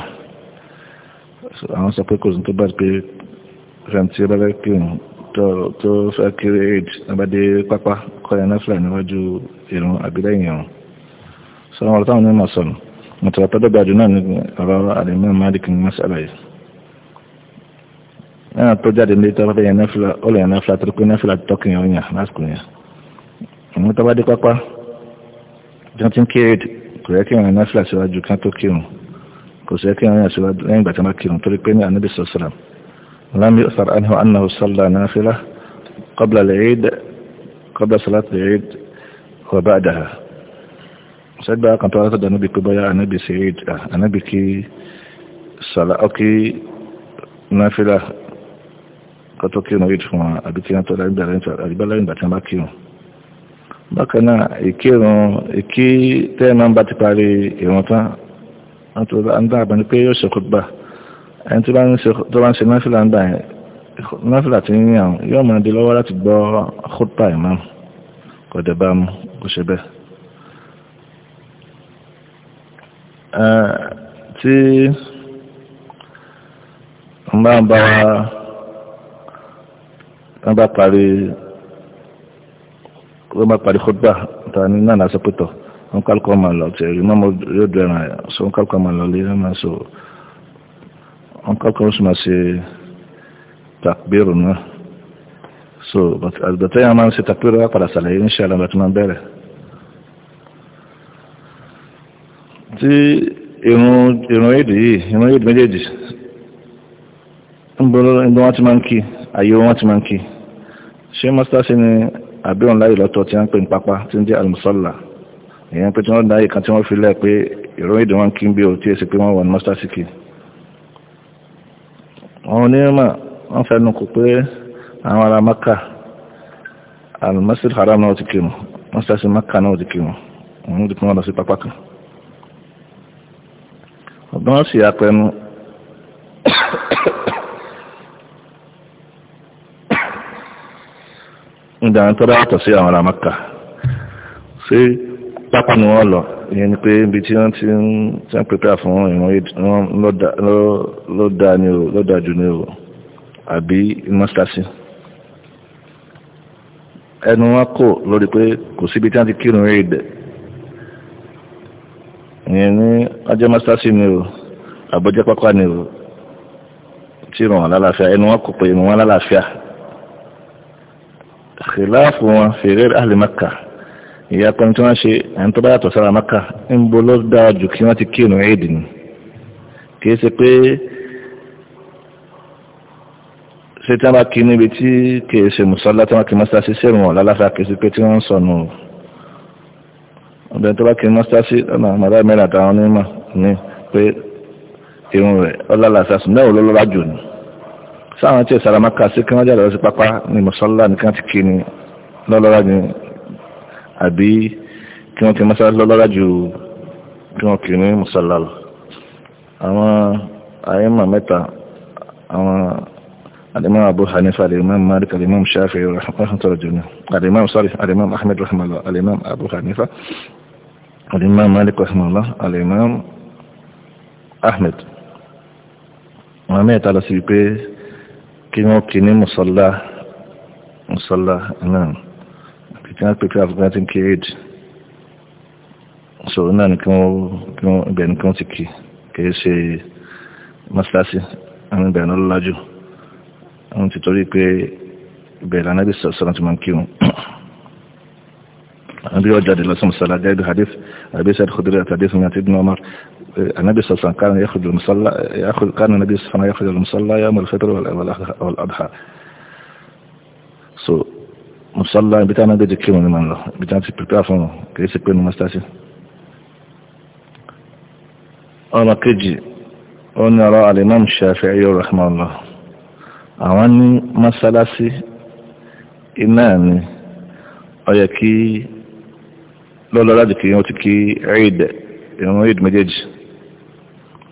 so àwọn sọ pé kò sí tó bá pé fẹ́ntì bá fẹ́ kírun tó fẹ́ kiri aid abadé pápá kọ́ yan náfìlà níwájú ìrun àbílẹ̀yìn ìrun so àwọn ọ̀rọ̀ táwọn onímọ̀ sọ̀rọ̀ متوطدة بعدنا أرى الإمام مالك المسألة إيه أنا أتوجد أن ترى في نفلة أولي نفلة تركوا نفلة توكي يعني وينيا ناس كنيا المتوادي قاقا جانتين كيرد كويكي من نفلة سوى كانتو كيرون كويكي من سوى لين باتما كيرون تركوا نبي صلى الله عليه وسلم لم يؤثر عنه أنه صلى نافلة قبل العيد قبل صلاة العيد وبعدها sẹ́gbẹ́ kan tó látọ̀dọ̀ níbi pé bọ́yá anábì sí eid anábì kí sàlá ọkí náfílà kọ́tọ́ kí ní eid fún wa àbí kí wọ́n tó láìgbàlẹ́ ìgbà tí wọ́n bá kírun bákan náà ìkírun ìkí tẹ́ẹ̀mà bá ti parí ìrun tán wọ́n dá àbá ní pé yóò ṣe kútbà ẹni tó bá ń ṣe náfílà ń gbà yẹn náfílà ti ń yàn yóò máa di lọ́wọ́ láti gbọ́ kútbà ìmáàmù kò dẹ̀ bá mu kò ṣe bẹ́ẹ̀ tí wọ́n bá ń bá wa wọ́n bá parí wọ́n bá parí kódà ta ni náà lásán pẹ̀tọ̀ wọ́n kálukọ́ ọmọ lọ tẹ̀ rí mọ́mọ́ yóò dùn ẹ̀ràn so wọ́n kálukọ́ ọmọ lọ lé wọ́n máa so wọ́n kálukọ́ ọmọ sì máa ṣe takbiru náà so àgbẹ̀tẹ́yìn máa ń ṣe takbiru wá padà sàlẹ̀ yìí ń ṣe àlọ́ máa bẹ̀rẹ̀. sí irun irun èdè yìí irun èdè méjèèjì ń bọ́lọ́ ń bọ́ wọ́n ti máa ń kí àyè wọ́n ti máa ń kí ṣé mọ́sításí ni àbíọ̀n láyè lọ́tọ̀ tí wọ́n ń pè ní pápá tí ń jẹ́ àlùmọ́sọ́là èèyàn pé tí wọ́n dá ìkan tí wọ́n fi lẹ̀ pé irun èdè wọn kí ń bí o tí èsì pé wọ́n wà ní mọ́sításí kì àwọn onímọ̀ wọ́n fẹnu kò pé àwọn ará maka àlùmọ́sí haram náà ti kírun mọ́sításí maka náà ti kírun òun ti pín wọn lọ sí pápá kan ọ̀gbọ́n sì apẹnu nígbà tó bá yàtọ̀ sí àwọn ará Mẹ́kà ṣé pápá ni wọ́n lọ ìyẹn ni pé ibi tí wọ́n ti ń prepare fún ìwọ̀n lọ́dà ni o lọ́dà jù ni o àbí mọ́sításí ẹnu wọn kò lórí pé kò síbi tí wọ́n ti kírun rí ìdẹ̀ ìyẹn ní ọjọ́ mọ́sításí ni o àbọ̀jẹ́ pápá ni o tí ìrùn wọn lálàáfíà ẹnu wọn kò pé ìrùn wọn lálàáfíà khilafu wọn fèrè ahli Makkah ìyá kan tí wọ́n ṣe ẹni tó bá yàtọ̀ sára Makkah ń bo ló dáa jù kí wọ́n ti kírun éèdì ni kìí ṣe pé ṣé tí wọ́n bá kí níbi tí kìí ṣe mùsọ́lá tí wọ́n kí mọ́sításí sí wọn lálàáfíà kìí ṣe pé tí wọ́n ń sọnù o obìnrin tó bá kí mọ́sításí ọ̀nà àmàdá mẹ́rin àtàwọn onímọ̀ ní pé irun rẹ̀ ọlọ́lá àsásùn náà olólọ́lá jù ní sáwọn tí ò sára máka sí kí wọ́n jáde lọ sí pápá ní mọ́sálà nìkan ti kí ni lọ́lọ́lá ni àbí kí wọ́n kí mọ́sálà lọ́lọ́lá ju kí wọ́n kí ní mọ́sálà lọ. àwọn àyẹ̀mọ̀ mẹ́ta àwọn الإمام أبو Hanifa. الإمام مالك الإمام الشافعي رحمه الله الإمام صالح الإمام أحمد رحمه الله الإمام أبو حنيفة الإمام مالك رحمه الله الإمام أحمد وميت على سيبي كيمو كيني مصلى مصلى نعم كان بيكراف غاتين كيد so náà ni kí wọ́n ibẹ̀ ní kí wọ́n ti kì kìí ṣe mọ́síláṣí àwọn ibẹ̀ náà lọ́lájú wọ́n ti torí pé ibẹ̀ lànà bí sọ̀rọ̀ tí wọ́n kí wọn الذي وجد الرسول صلى الله عليه وسلم حديث أبي سعيد الخدري حديث من ابن عمر النبي صلى الله عليه وسلم كان يخرج المصلى يأخذ كان النبي صلى الله عليه وسلم يخرج المصلى يوم الفطر والأضحى so مصلى bi ta na gaje kiwon neman la bi ta ti prepare fún ka yi sipe numan stasi ọ̀nà kejì ó ní ọ̀rọ̀ alimam shafi'i yóò rahmanullah àwọn ní masalasi iná ni ó lọ́lọ́ láti kí wọ́n ti kí eid ìrún eid méjèèjì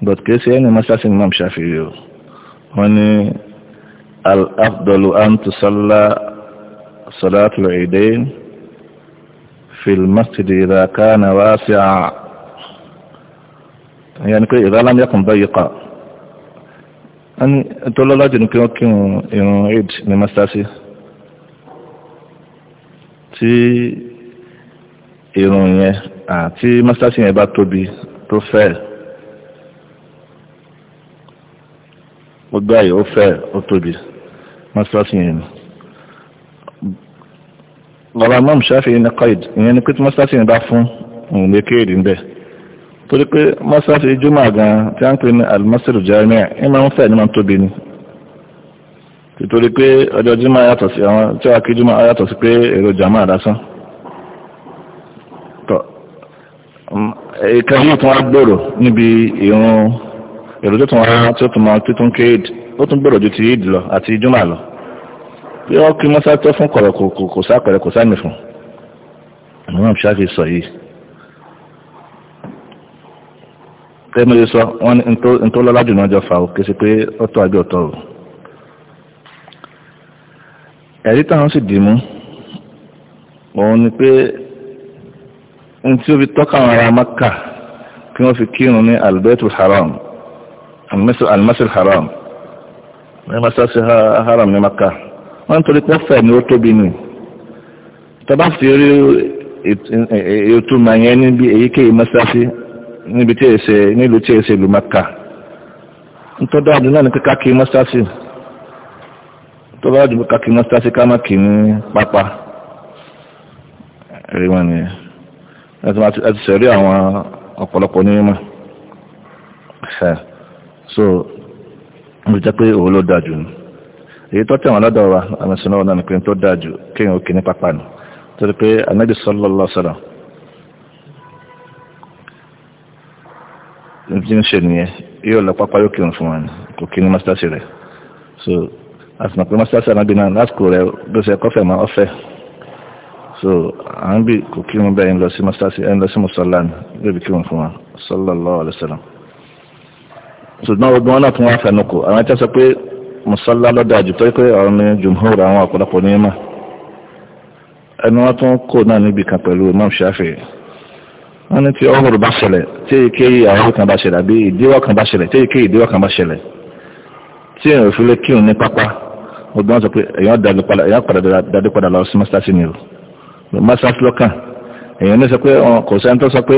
but kìí ṣe ẹni mọ́sáàsì imam Shafi'i o wọ́n ní al-afdalu an tusalla salatul eidain fil masjid idha kana wasi'a yẹn pé idha lam yakun dayiqa ẹni tó lọ́lọ́ jù kí wọ́n kí ìrún eid ní mọ́sáàsì tí irun yẹn àti mọ́sálásí yẹn bá tóbi tó fẹ́ ó gbáyé ó fẹ́ ó tóbi mọ́sálásí yẹn ni ọ̀rọ̀ imam Shafi'i ní qaid ìyẹn ni pé tí mọ́sálásí yẹn bá fún òun lè kéèrè ńbẹ̀ torí pé mọ́sálásí jùmọ̀ gan tí a ń pè ní al-masjid al-jami' ẹ̀ máa ń fẹ́ ní máa ń tóbi ni nítorí pé ọjọ́ jùmọ̀ yàtọ̀ sí àwọn tí wàá kí jùmọ̀ yàtọ̀ sí pé èrò jàmáà lásán Mm, ìkànnì yóò tún wá gbèrò níbi ìrun èrò tó tún wá tí ó tún máa títún ké èdè ó tún gbèrò ju ti èdè lọ àti jùmọ̀ lọ bí wọ́n kí mọ́sá tó fún kọ̀rọ̀ kò sápẹ̀rẹ̀ kò sáàmì fún àwọn àmì ṣáfi sọ yìí kẹ́mi yìí sọ wọ́n ní nítorí lọ́lá jù náà fà ó kí sí pé ó tọ́ àbí ọ̀tọ̀ o ẹ̀rí táwọn sì dì mú òun ni pé ní tí ó fi tọ́ka àwọn ará Makka kí wọ́n fi kírun ní albaitul haram almasir haram ní masasi haram ní Makka wọ́n torí pé fẹ̀ ni ó tóbi nù tọ́ba fi rí ètò màyẹn níbi èyíkéyìí masasi níbi tí èsè nílùú tí èsè lù Makka nítorí àdúrà ní kíkà kí masasi tó bá dùn kákí ká má kì í pápá rí wọn nìyẹn ẹ ti sẹ̀rí àwọn ọ̀pọ̀lọpọ̀ onímọ̀ ẹ̀ so mo jẹ́ pé òun ló dáa jù ní èyí tó tẹ̀wọ̀n lọ́dọ̀ wa àmì sinú ọ̀nà nìkan tó dáa jù kéèyàn òkè ní pápá nù torí pé anábì sallallahu alaihi wasallam tí ń ṣe nìyẹn yóò lọ pápá yóò kírun fún wa ní kò kí ní mọ́sításì rẹ̀ so àtìmọ̀ pé mọ́sításì anábì náà lásìkò rẹ̀ ló ṣe kọ́fẹ̀ máa ọ́fẹ́ so à ń bí kò kí wọn bẹ́ẹ̀ ń lọ sí mọ́sálásí ẹ̀ ń lọ sí mọ́sálán lébi kí wọn fún wa sallallahu alaihi wasallam ṣùgbọ́n ogun wọn náà tún wá fẹnukò àwọn ẹ̀tẹ́ sọ pé mọ́sálá lọ́dọ̀ àjùtọ́ pé ọ̀run ní jumhur àwọn ọ̀pọ̀lọpọ̀ ní ìmọ̀ ẹni wọn tún kò náà níbi kan pẹ̀lú imam shafi'i wọn ní tí ọhúrù bá ṣẹlẹ̀ tí èké àwọn kan bá ṣẹlẹ̀ àbí ìdíwọ́ kan bá ṣẹlẹ̀ tí èké ìdíwọ́ kan bá ṣẹlẹ̀ tí èèyàn ò fi lé kírun ní pápá ogun wọn sọ pé èèyàn padà padà lọ sí mọ́sálásí ni mọ́sáàsì lọ́kàn èèyàn ní sọ pé kò sẹ́ni tó sọ pé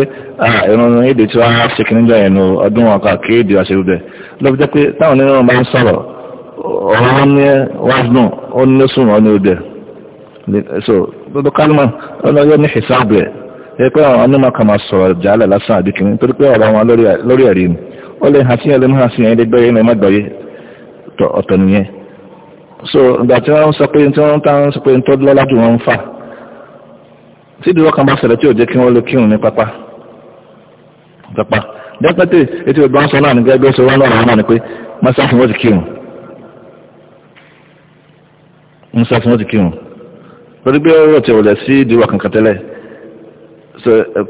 ìrun èdè tí wọ́n á ṣe kí níjọ ẹ̀nu ọdún wọn kà kí èdè àṣẹ rúbẹ̀ lọ́bi jẹ́ pé táwọn onírun bá ń sọ̀rọ̀ ọ̀rọ̀ ní wàásù ó ní ó sùn ọ̀nà òde so gbogbo kálmà ọ̀nà yóò ní ìsáàbù ẹ̀ ẹ pé àwọn onímọ̀ kan máa sọ̀rọ̀ jàálẹ̀ lásán àbí kìíní torí pé ọ̀rọ̀ wọn lórí ẹ̀rí ni ó lè hàn sí ẹ̀ lẹ́nu hàn sí ẹ̀ lẹ́gbẹ̀ẹ́ ẹ̀ mẹ́gbẹ̀ẹ́ ọ̀tọ̀ so ìgbà tí wọ́n sọ pé tí wọ́n ń tán sọ pé tí ìdúró kan bá ṣẹlẹ̀ tí ò jẹ́ kí wọ́n lè kírun ní pápá pápá dẹ́pẹ́tẹ́ etí ọgbà ń sọ náà ní gẹ́gẹ́ sọ wọn lọ́rọ̀ náà ni pé mọ́sáfún wọ́n ti kírun mọ́sáfún wọ́n ti kírun lórí pé ọ̀rọ̀ tí ò lẹ̀ sí ìdúró kankan tẹ́lẹ̀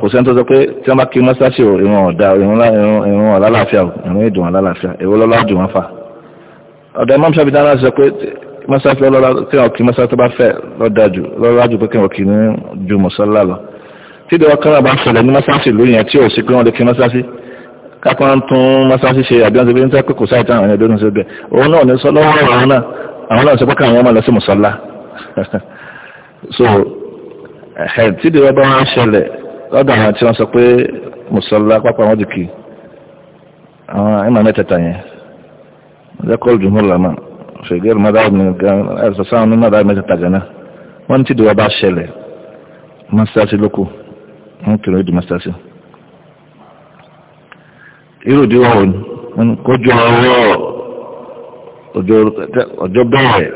kò sẹ́ni tó sọ pé tí wọ́n bá kí mọ́sáṣí ò ìwọ̀n ọ̀dà ìwọ̀n ọ̀làláfíà ìwọ̀n ìdùn ọ̀làláfíà èwo lọ́lá dùn wọn ọ̀dà mọ́sálásí lọ́lọ́lá kí wọ́n kí mọ́sálásí tó bá fẹ́ lọ́dájú lọ́lọ́lá jù pé kí wọ́n kì ní ju mọ́sálá lọ tí ìdọ̀wọ́ kan bá ń ṣẹlẹ̀ ní mọ́sálásí ìlú yẹn tí ò sí pé wọ́n lè kí mọ́sálásí kápá ń tún mọ́sálásí ṣe àbí wọ́n ti gbé ní tẹ́kọ̀ kò sáì táwọn ẹ̀dọ́dún sí bẹ́ẹ̀ òun náà ní sọ́lọ́wọ́ àwọn náà àwọn náà sọ pé káwọn máa lọ sí mọ́sálá so tí ìdọ̀wọ́ bá wọn ṣẹlẹ̀ lọ́dọ̀ àwọn tí wọ́n sọ pé mọ́sálá pápá wọn ti kì àwọn ìmọ̀ mẹ́tẹ̀ẹ̀ta yẹn ṣègéèrè mọ́tàbí nìkan ẹ̀sọ̀ sáwọn ní mọ́tàbí mẹ́tẹ̀ẹ̀ta gánà wọ́n ní tìdíwọ́ bá ṣẹlẹ̀ mọ́sításí lóko wọ́n kìlọ̀ èdè mọ́sításí. irú ìdíwọ́ wọn kójú ọwọ́ ọjọ́ bẹ̀rẹ̀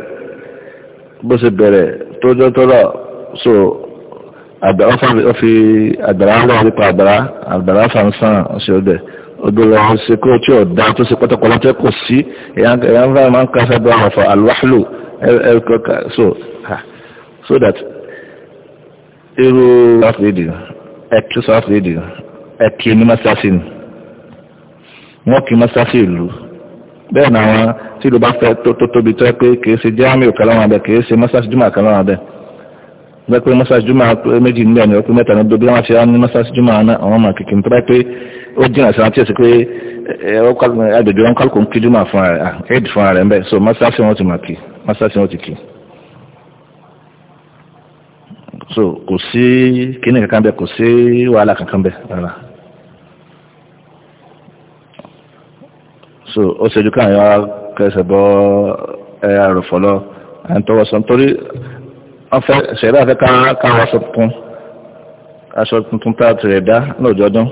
bó ṣe bẹ̀rẹ̀ tójọ́ tọ́lọ̀ so àgbàrá fi àgbàrá lọ́wọ́ nípa àgbàrá àgbàrá fà ń sàn ọ̀ṣẹ́ ọdẹ odò lọ́wọ́ ṣe kó tí ò dá tó ṣe pátákọ́lá tẹ́ kò sí ẹ̀yà ń fẹ́ máa ń kásá bá wà alwahlu ẹ̀ẹ́kọ́kà so so that irú south lady ẹ̀kí south lady ẹ̀kí ní masasi ni wọ́n kì í masasi ìlú bẹ́ẹ̀ ni àwọn tí ìlú bá fẹ́ tó tóbi tó ẹ pé kì í ṣe jamiu kalawọn abẹ kì í ṣe masasi juma kalawọn abẹ bẹ́ẹ̀ pé méjì níbẹ̀ ni ó pé mẹ́ta ní dodo wọn ṣe á ní masasi juma àwọn ọmọ kìkì nítorí pé ó jìnnà sí wọn tí ó sì pé agbègbè wọn kálukú ń kí jùmọ̀ fún ara aid fún ara rẹ̀ ń bẹ̀ so mọ́sáàsì wọn ti mà kí mọ́sáàsì wọn ti kí so kò sí kíní kankan bẹ́ẹ̀ kò sí wàhálà kankan bẹ́ẹ̀ rárá so ó ṣojú káwọn yẹn wá kẹsẹ̀ bọ́ ẹ̀yà rọ̀fọ́lọ́ à ń tọwọ́ sọ nítorí ọ̀fẹ́ ṣẹ̀dá fẹ́ káwọn aṣọ tuntun aṣọ tuntun tá a ti dá lọ́jọ́dún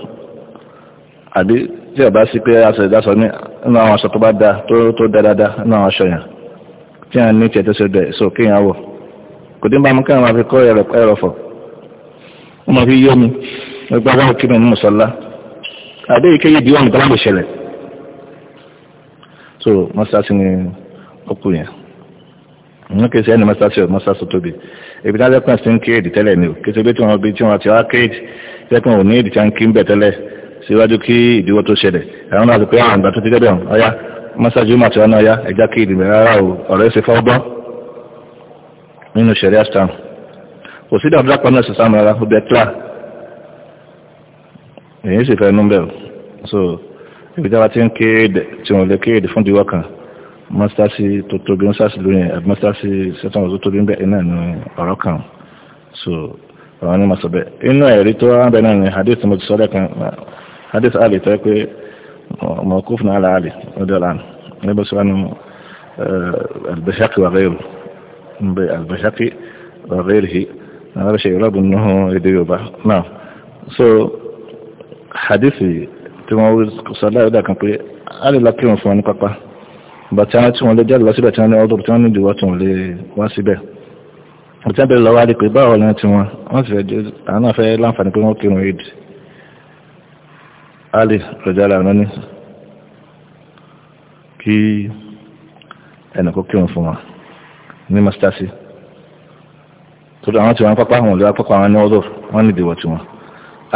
àbí tí ọ̀bá sí pé aṣọ ìdásọ ní inú àwọn aṣọ tó bá da tó da dáadáa inú àwọn aṣọ yẹn tí wọ́n ní tiẹ̀ tó ṣe dẹ̀ so kéèyàn wọ̀ kò dín bá mú káwọn máa fi kọ́ ẹ̀rọ fọ̀ wọ́n máa fi yé omi ẹgbẹ́ wọn kí ni mùsọ̀lá àbí ìkéyìí di wọn gbọ́dọ̀ ṣẹlẹ̀ so mọ́sáàsì ni ọkù yẹn ní kí n ṣe ẹni mọ́sáàsì ọ̀ mọ́sáàsì tóbi ebi náà lẹ́kùn ẹ̀sìn kéèdì tẹ́lẹ̀ ni o kí n ṣe bí tí wọ́n bí tí wọ́n ti wá kéèdì lẹ́kùn òní èdè tí wọ́n kí ń bẹ̀ tẹ́lẹ̀ síwájú kí ìdíwọ́ tó ṣẹlẹ̀ àwọn náà ti pé àǹgbà ah, tó ti gẹ́gẹ́ bẹ̀rùn ọ̀yá mọ́sájú màtí wọn náà yá ẹja kí ìdìbò rárá o ọ̀rẹ́ ṣe fọ́gbọ́ nínú sẹ̀ríà stam kò sí dàbílá pamọ́ ẹ̀sẹ̀ sáàmù rárá ó bẹ tíra èyí sì fẹ́ nú bẹ́ẹ̀ so ibi tí a bá ti ń kéde tí wọn lè kéde fún ìdíwọ́ kan mọ́sításí tó tóbi mọ́sításí lóyìn àbí mọ́sításí sẹ́tọ̀n tó tóbi ń bẹ̀ iná ní ọ̀rọ̀ kan so àwọn ni mo sọ bẹ́ẹ̀ inú ẹ̀rí tó wá ń bẹ náà ni hadith mo ti sọ hadith ali tó yẹ pé uh, mọ̀kúfù náà la ali ọdẹ lánà níbo sọ wọn albashaki wa ghayru nbẹ uh, albashaki wa ghayrihi náà bẹ ṣe ìrọ́bù nínú èdè yorùbá náà so hadith tí wọ́n sọ láyé dà kan pé ali la kírun fún wọn ní pápá bàtí àwọn tí wọ́n lè jáde lọ síbẹ̀ tí wọ́n lè ọdún tí wọ́n ní ìdíwọ́ tí wọ́n lè wá síbẹ̀ bàtí wọ́n bẹ̀rẹ̀ lọ́wọ́ adé pé báwo lẹ́yìn tí wọ́n wọ́n sì fẹ́ àánà fẹ́ láǹfààní pé wọ́n kírun éèdì Ali rọjálà rán ní kí ẹnìkó kírun fún wa ní mọ́sításí tó dá àwọn tí wọ́n pápá àwọn olùwà pápá àwọn ní ọdọ̀ wọ́n ní ìdíwọ̀ tí wọ́n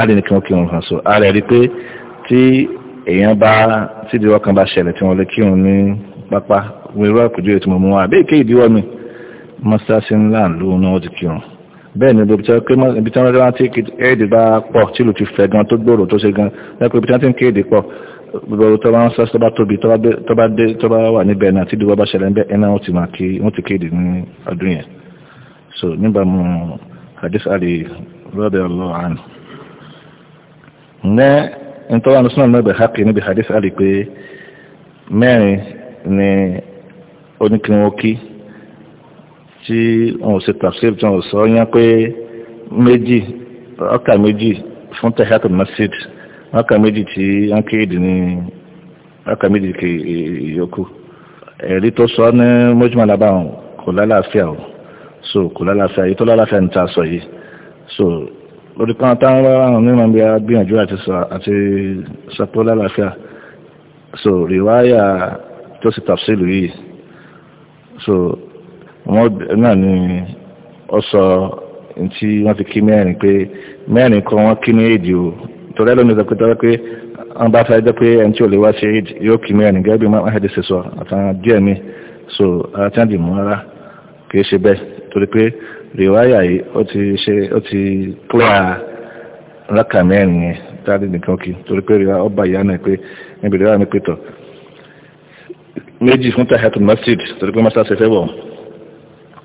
Ali ní kí wọ́n kírun fún so Ali rí pé tí èèyàn bá tí ìdíwọ̀ kan bá ṣẹlẹ̀ tí wọ́n lè kírun ní pápá wọ́n irú àpèjúwe tí mo mú wa àbẹ́ ìké ìdíwọ̀ mi mọ́sításí ńlá lóun náà ó ti kírun bẹ́ẹ̀ ni ibi tí wọ́n ti rán tí èdè bá pọ̀ tí ìlú ti fẹ̀ gan tó gbòòrò tó ṣe gan lẹ́pẹ́ ibi tí wọ́n ti ń kéde pọ̀ gbogbo tó bá ń sá tó bá tóbi tó bá dé tó bá wà níbẹ̀ náà tí ìdíwọ́ bá ṣẹlẹ̀ ń bẹ́ ẹ̀nà wọ́n ti máa kí wọ́n ti kéde ní ọdún yẹn so níbàámu hadith ali rọ́bẹ̀ ọlọ́run ní ntọ́wọ́n sọ́nà mẹ́bẹ̀ hákì níbi hadith ali pé mẹ́rin ni oníkìrìwọ́kí tí wọn ò ṣe tafsir tí wọn ò sọ yẹn pé méjì ọkà méjì fún tahiyat masjid ọkà méjì tí wọn kéde ní ọkà méjì kì í yòókù ẹ̀rí tó sọ ní mọ́júmọ́lá báwọn kò lálàáfíà o so kò lálàáfíà yìí tó lálàáfíà ní ta sọ yìí so lórí kan táwọn àwọn mímọ bí a gbìyànjú àti sọpọ lálàáfíà so rìwáyà tó sì tafsir yìí so. wọ́n náà ni ọ sọ tí wọn kí mẹ́rin pé mẹ́rin kan wọ́n kí ní èdè o torí ẹlòmíì sọ pé tọ́lá pé wọn bá fẹ́ jẹ́ pé ẹni tí ò lè wá sí èdè yóò kí mẹ́rin gẹ́gẹ́ bí ṣe sọ àtàwọn díẹ̀ mi so ara tí wọn dì mú rárá kì í ṣe bẹ́ẹ̀ torí pé rìwáyà yìí ó ti rákà mẹ́rin yẹn táàdì nìkan kí torí pé rìwá ọba ìyá náà pé níbi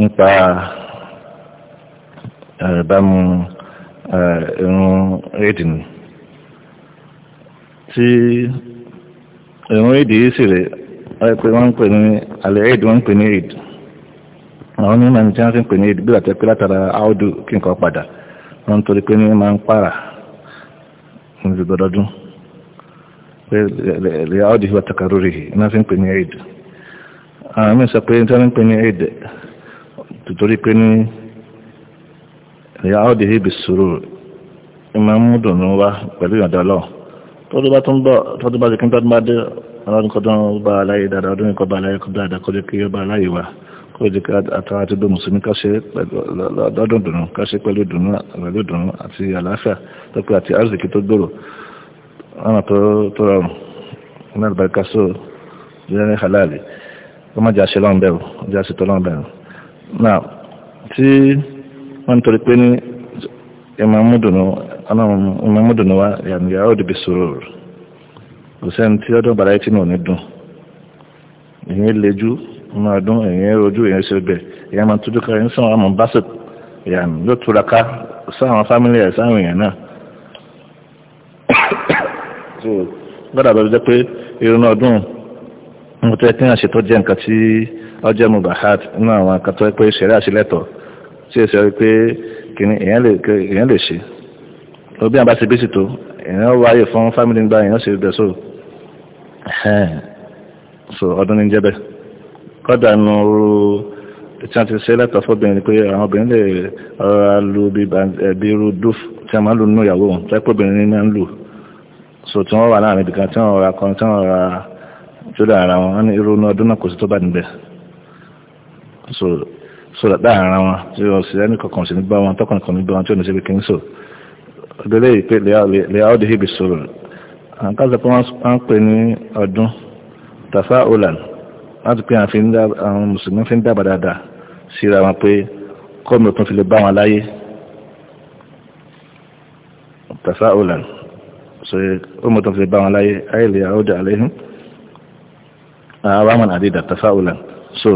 nípa ìbámu irun éèdì ni tí irun éèdì yìí sì rè pé wọ́n ń pè ní àlẹ́ éèdì wọ́n ń pè ní éèdì àwọn onímọ̀ ní tí wọ́n ti ń pè ní éèdì bí wàtẹ́ pé látara áódù kí nǹkan padà wọ́n ń torí pé ní máa ń pààrà ní ìgbọ́dọ̀dún pé lè áódì wà takarórì náà fi ń pè ní éèdì àwọn mí sọ pé tí ń pè ní éèdì Tutori pé ní ìyá ọ́dẹ ibi sùúrù ìmọ̀ ń mú dùnú wá pẹ̀lú ìyọ̀dọ̀ lọ tọ́dún bá tún bọ̀ tọ́dún bá ti kí n tọ́dún bá dé ọlọ́dún kọ́dún bá aláyé dáadáa ọdún kọ́ bá aláyé kọ́ dáadáa kọ́dún kí ó bá aláyé wá kó di ká àtàwọn àti bí mùsùlùmí ká ṣe lọ́dún dùnú ká ṣe pẹ̀lú dùnú pẹ̀lú dùnú àti àlàáfíà tó pé àti arzikí tó gbòòrò ọ̀nà tó tó rọrùn ní àlùbáríkà sóò jẹ́ halali ó má jẹ́ àṣẹ lọ́nbẹ̀rù ó jẹ́ àṣẹ tó lọ́nbẹ̀rù náà tí wọ́n torí pé ní ìmọ̀múdùnú wa yàmìyà ó dìbì sòrò kò sẹ́ni tí ọdún bàrá tí náà ní dùn ìyẹn lejú ọmọ ọdún ìyẹn rojú ìyẹn ṣe bẹ̀ ìyẹn máa tójú ká ẹni sọ̀rọ̀ àmọ̀ báṣẹ̀ yàmì yóò túra ká sáwọn fámìlì ẹ̀ sáwọn èèyàn náà gbọ́dọ̀ bẹ̀rẹ̀ jẹ́ pé irun ọdún mo tẹ́ kí wọ́n ṣètọ́jẹ́ nǹkan tí ọjọ́ mubahat inú àwọn akatọ́ pé ṣẹ̀rí àṣìlẹ́tọ̀ tí èsì ọ̀rí pé èèyàn lè ṣe obi àbá ti bísì tó èèyàn wáyé fún fámìlì ń gba èèyàn ṣe bẹ̀ so so ọdún ní jẹ́bẹ̀ kọ́dà nù rú tí wọ́n ti ṣe lẹ́tọ̀ fóbìnrin pé àwọn obìnrin lè rọra lu eh, bí irú dúf tí wọ́n máa ń lu nínú ìyàwó wọn tẹ́pọ̀ obìnrin máa ń lù so tí wọ́n wà láàrin ibìkan tí wọ́n rọra kan tí wọ́n rọra jódà ara wọn ní irú ọdún náà kò sí tó bá níbẹ̀ so so that láàrin wọn tí wọ́n sì ẹni kọ̀ọ̀kan sí ní bá wọn tọkàn kan ní bá wọn tí ò ní síbi kí n sọ gbélé yìí pé lẹ́yà ó dìhìbì sọ̀rọ̀ àwọn káàsì pé wọ́n pè ní ọdún tafa olan láti pé àwọn mùsùlùmí fi ń dábàá dáadáa síra wọn pé kọ́mi òtún fi lè bá wọn láyé tafa olan so kọ́mi òtún fi lè bá wọn láyé ayé lè àwọn ọdẹ àléhùn àwọn àmàlà àdìdà tafa olan so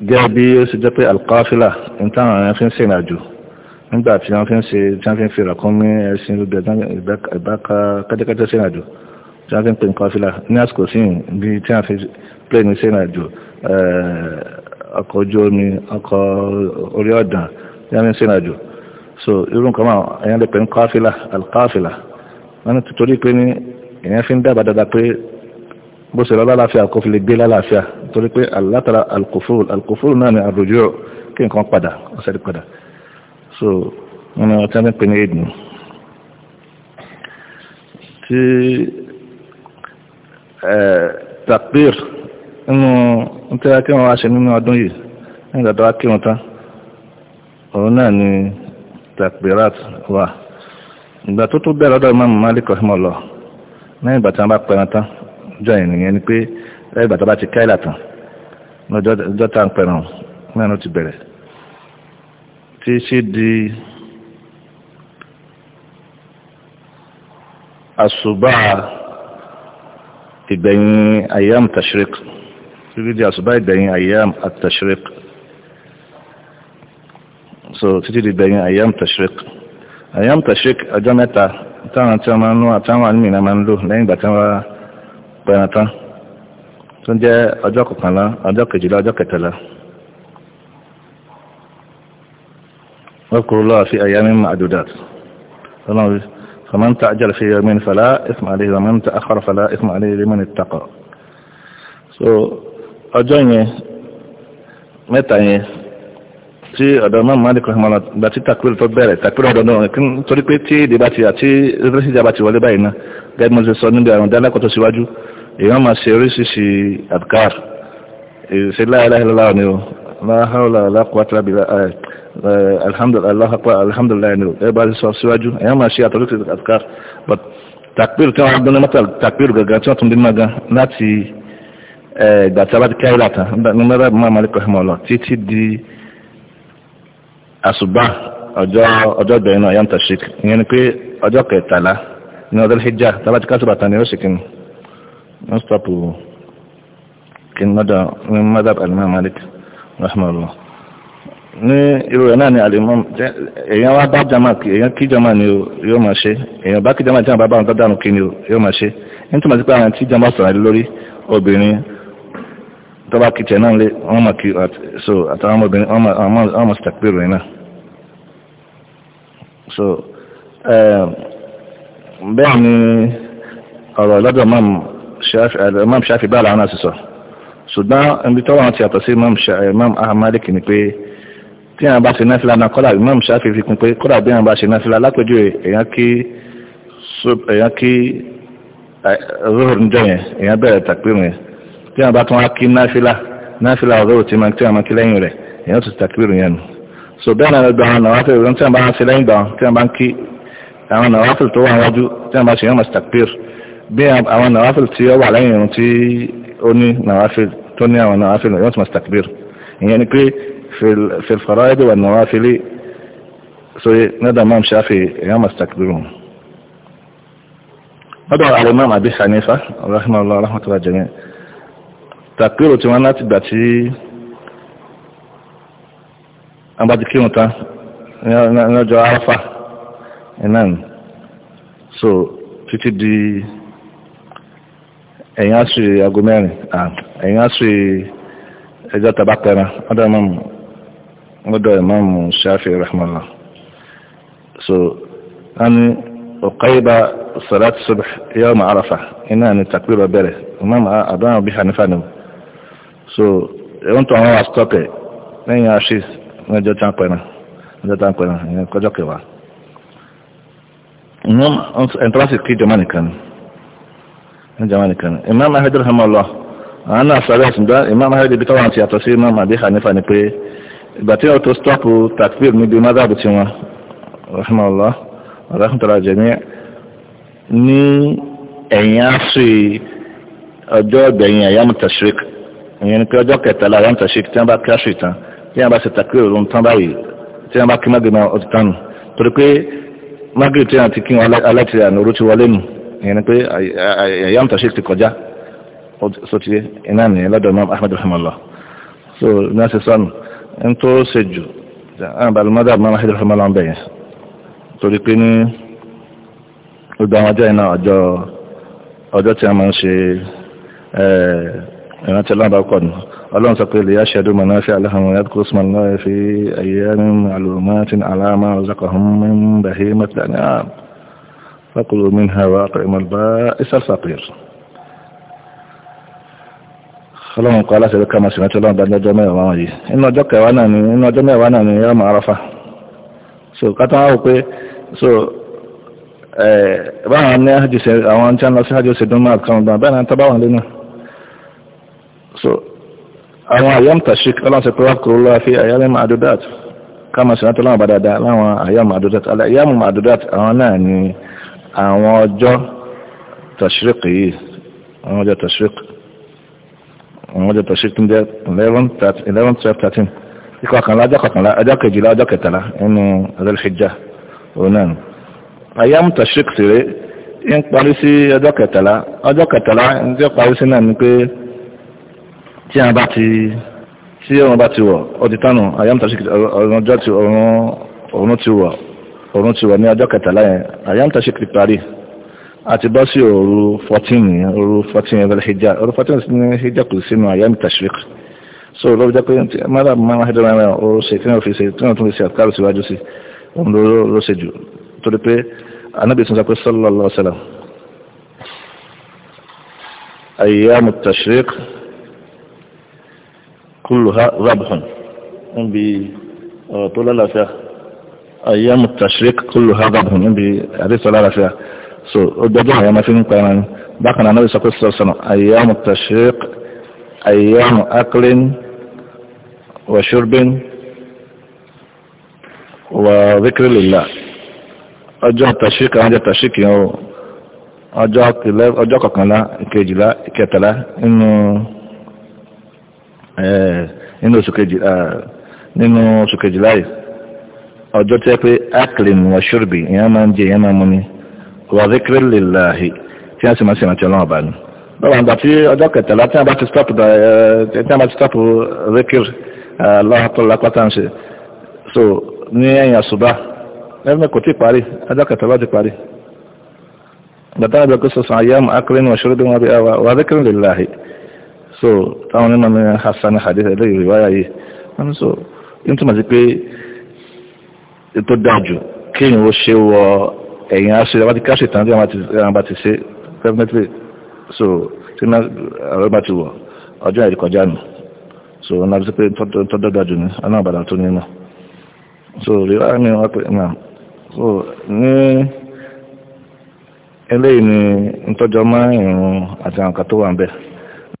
gẹ́gẹ́ bí ó sì jẹ́ pé alkafila ní táwọn èèyàn fi ń sìn àjò nígbà tí wọ́n fi ń ṣe tí wọ́n fi ń fi ràkún ní ẹ̀sìn lóde ìbáka kẹ́tẹ́kẹ́tẹ́ sìn àjò tí wọ́n fi ń pè ní kọfílà ní àsìkò sí bí tí wọ́n fi pè ní sìn àjò ọkọ̀ ojú omi ọkọ̀ orí ọ̀dàn tí wọ́n fi ń sìn àjò so irú nǹkan máa èèyàn lè pè ní kọfílà alkafila wọ́n ti torí pé ní èèyàn fi ń dábàá dáadáa pé bó ṣe lọ lálàáfíà kó fi lè gbé lálàáfíà torí pé látara alkufur alkufur náà ni àrùjọ kí nǹkan padà ọ̀sẹ̀ padà so wọn ni wọn ti ń pè ní èdè tí tapir nínú tí a kí wọn wá ṣe nínú ọdún yìí nígbà tó wá kí wọn tán òun náà ni tapirat wà ìgbà tó tó bẹ̀rẹ̀ ọdọ̀ Imam Malik rahimahullah lẹ́yìn ìgbà tí wọ́n bá pẹran tán jọ ìrìnìyàn ni pé lẹ́yìn ìgbà tó bá ti ká ìlà tán lọ́jọ́ tá à ń pẹ̀ràn náà ló ti bẹ̀rẹ̀ tí ṣe di àṣùbà ìgbẹ̀yìn ayyam tashrik títí di àṣùbà ìgbẹ̀yìn ayyam tashrik so títí di ìgbẹ̀yìn ayyam tashrik ayyam tashrik ọjọ́ mẹ́ta táwọn tí wọ́n máa ń lò àtàwọn àmì náà máa ń lò lẹ́yìn ìgbà tí wọ́n pẹ̀ràn tán tó ń jẹ́ ọjọ́ kọkànlá ọjọ́ kejìlá ọjọ́ kẹtàlá واذكروا الله في أيام معدودات فمن تعجل في يومين فلا إثم عليه ومن تأخر فلا إثم عليه لمن so ọjọ́ yẹn mẹ́ta yẹn tí ọ̀dọ̀ náà máa dìkọ̀ ìmọ̀lá gba tí takpiri tó bẹ̀rẹ̀ takpiri ọ̀dọ̀ náà kí n torí pé tí ìdìbà ti àti ìrẹsì ìjàmbá ti wọlé báyìí èèyàn máa ṣe oríṣiríṣi adkar ìṣe láìláìláà ni o láhàlá aláàkúwátà bí alhamdulilayi ni o ẹ bá ti sọ síwájú èèyàn máa ṣe àtọ́lùkì adkar but takbir tí wọ́n gbọ́n mọ́tà takbir gàgà tí wọ́n tún bí máa gan láti eh, gbàtà bá ti káyé láta ní mẹ́rẹ́ bí máa máa lékọ̀ọ́ mọ́ lọ títí di àṣùbà ọjọ́ ọjọ́ ìgbẹ̀yìn náà yàtọ̀ ṣe ìyẹn ni pé ọjọ́ kẹtàlá ní ọdún hijab tábàtí kásùbàtà ni ó ṣe mustapha kin mada min madhab alimam malik rahmanullah ní irú rẹ̀ náà ni alimam èèyàn wá bá jama èèyàn kí jama ni yóò máa ṣe èèyàn bá kí jama jama bá bá wọn tó dànù kí ni yóò máa ṣe ní túmọ̀ sí pé àwọn tí jama sọ̀rọ̀ lórí obìnrin tó bá kí tiẹ̀ náà lé wọ́n máa kí so àtàwọn ọmọbìnrin so imam shafi bá làwọn àṣìṣọ́ ṣùgbọ́n ibi tọ́wọ́ ti yàtọ̀ sí imam ahamalik ni pé tí àwọn bá ṣe náfìlà náà kọ́lá imam shafi fi kún pé kọ́lá bí àwọn bá ṣe náfìlà lápẹjọ èèyàn kí zuhur ń jọ yẹn èèyàn bẹ̀rẹ̀ takbir yẹn tí àwọn bá tún wá kí náfìlà náfìlà ọ̀rọ̀ tí wọ́n kí lẹ́yìn rẹ̀ èèyàn tún takbir yẹn nù so bẹ́ẹ̀ náà lọ́dọ̀ àwọn àwọn àfẹ́rẹ́ tí wọ́n bá ń ṣe lẹ́yìn gbà tí wọ́n bá ń kí àwọn àwọn àfẹ́rẹ́ tó wà wájú tí wọ́n bá ṣe yẹn mọ̀ bí àwọn nàwáfíl tí ó wà lẹ́yìn irun tí ó ní nàwáfíl tó ní àwọn nàwáfíl yóò tún mastakbir ìyẹn ni pé fìlfàrọ́ ẹ̀dẹ̀ wà nàwáfílì so nọ́dà máa ń ṣáfì èèyàn mastakbir wọn. lọ́dọ̀ àwọn imam abi hanifa rahimahullah rahmatulah jamiu takbiru tí wọ́n láti gbà tí wọ́n bá ní ọjọ́ arafa iná so títí di ẹ̀yìn aṣọ aago mẹ́rin ẹ̀yìn aṣọ ẹjọ́ tabapẹ̀ra ọ̀dọ̀ ìmáàmù ọ̀dọ̀ ìmáàmù ṣáfì rahmanlá so wọ́n ní ọ̀kọ́yìnbá sọ̀láti sọ́bẹ̀ yawm àràfà iná ní takbírọ̀ bẹ̀rẹ̀ ìmáàmù àdúrà bí hanifa ni so ẹ̀wọ̀n tó àwọn wà stọ́kẹ̀ lẹ́yìn aṣọ ẹjọ́ tampẹ̀ra ẹjọ́ tampẹ̀ra ẹ̀yìn kọjọ́ kẹwàá ẹ̀ntọ́rọ́sì kí jọmọ́ nìkan ni ní jamani kan imam ahmed rahimahullah àwọn náà sọ̀rọ̀ ẹ̀sùn imam ahmed ibi tọ́wọ́n ti yàtọ̀ sí imam abi hanifa ni pé ìgbà tí wọ́n tó stọ́pù takfir níbi mádàbù tí wọn rahimahullah rahimahullah jẹ́mi ní ẹ̀yìn asri ọjọ́ ọgbẹ̀yìn ẹ̀yàmù tashrik ìyẹn ni pé ọjọ́ kẹtàlá ẹ̀yàmù tashrik tí wọ́n bá kí asri tán tí wọ́n bá ṣe takfir òun tán báyìí tí wọ́n bá kí magrib náà ọtí tánu torí pé magrib tí wọ́n ti kí wọn alátìrẹ àná oró ti wọlé nù ìyẹn ni pé àyàm tàṣí ti kọjá sọtìyẹ iná nìyẹn lọ́dọ̀ imam ahmed rahimahullah so náà ṣe sọnù ń tó ṣe jù àbàlùmọ́dà imam ahmed rahimahullah ń bẹ̀yẹn torí pé ní gbogbo àwọn ọjọ́ iná ọjọ́ ọjọ́ tí a máa ń ṣe ìrántí ọlọ́run bá kọ̀ nù ọlọ́run sọ pé lè yá ṣẹ́dú mọ̀nà sí aláhùn ẹ̀dùkú sùmọ̀n náà fi ayé ní àlùmọ́ tí àlámà ọ̀zọ́kọ̀ ọ̀hún ń ní ààbò فكلوا منها وأطعموا البائس الفقير ọlọ́run kọ́ aláṣẹ ló ká máa ṣìrántí ọlọ́run bá lọ́jọ́ mẹ́wàá wọn yìí inú ọjọ́ kẹwàá náà ni inú ọjọ́ mẹ́wàá náà ni yọ́mọ arafa so kátà wá wò pé so báwọn ní àjùṣe àwọn tí a lọ sí àjùṣe dún máa kan gbọ́n bẹ́ẹ̀ náà tábà wọn lẹ́nu so àwọn àyàm tashik ọlọ́run ṣe pé wàá kúrò lọ́wọ́ fi àyàlẹ́ máa dúdàt ká máa ṣìrántí ọlọ́run bá dáadáa láwọn àyàm máa dúdàt àwọn náà ni àwọn ọjọ́ tashriq yìí àwọn ọjọ́ tashriq àwọn ọjọ́ tashriq ń jẹ́ eleven eleven twelve thirteen ikọ̀ kànlá ọjọ́ kọkànlá ọjọ́ kejìlá ọjọ́ kẹtàlá nínú Dhul-Hijjah òun náà nù. ayam tashriq sì rèé ń parí sí ọjọ́ kẹtàlá ọjọ́ kẹtàlá ń jẹ́ parí sí náà ni pé tí a bá ti tí ọ̀run bá ti wọ̀ ọ ti tánu ayam tashriq ọ̀run ọjọ́ ti ọ̀run ọ̀run ti wọ̀ òrùn ti wọ̀ ní ọjọ́ kẹtàlá yẹn àyàntà ṣe kìrì parí àti bọ́ sí òru 14 yẹn òru 14 yẹn hijab òru 14 ní hijab kù sínú àyàntà ṣe kìrì so ló jẹ́ pé mẹ́ta máa hẹ́dọ̀ máa ó ṣe tí wọ́n fi ṣe tí wọ́n tún fi ṣe àkàrò síwájú sí òun ló ṣe jù torí pé anábì sọ pé sallallahu alaihi wasallam ayyamu tashriq kulluha rabhun níbi ọ̀rọ̀ tó lálàáfíà أيام التشريق كل هذا بهم ينبي حديث ولا رفع سو الدجاه يا ما في نقطة يعني بقنا نبي سكوت سنة أيام التشريق أيام أكل وشرب وذكر لله أجاه التشريق أجاه التشريق يو أجاه كلا أجاه كجلا كتلا إنه إيه، إنه سكجلا آه، إنه سكجلا ọjọ́ tẹ́ pé aklim wa ṣurbi ìyẹn máa ń jẹ ìyẹn máa mú ni wa zikri lillahi tí wọ́n sì máa ń sèrántí ọlọ́run ọba ni. lọ́wọ́ àgbà tí ọjọ́ kẹtàlá tí wọ́n bá ti stop uh, tí wọ́n bá ti stop uh, zikir uh, lọ́wọ́ pátá ń ṣe so ní ẹ̀yìn àṣùbá ẹ̀rọ kò tí parí ọjọ́ kẹtàlá ti parí. bàtà àgbà kò sọ̀sọ̀ ayyamu aklim wa ṣurbi wọn so táwọn onímọ̀ mi hasan hadith eléyìí riwaya wọ́n so yín tó dájú kéèyàn ó ṣe wọ ẹ̀yìn aṣọ ìjọba ti káṣọ ìtàn tí àwọn bá ti so ọjọ́ kọjá nù so na lábí sí pé tó dájú ní aláàbàdà tó nínú so rírá mi wọ́n pè náà so ni àti tó wà ń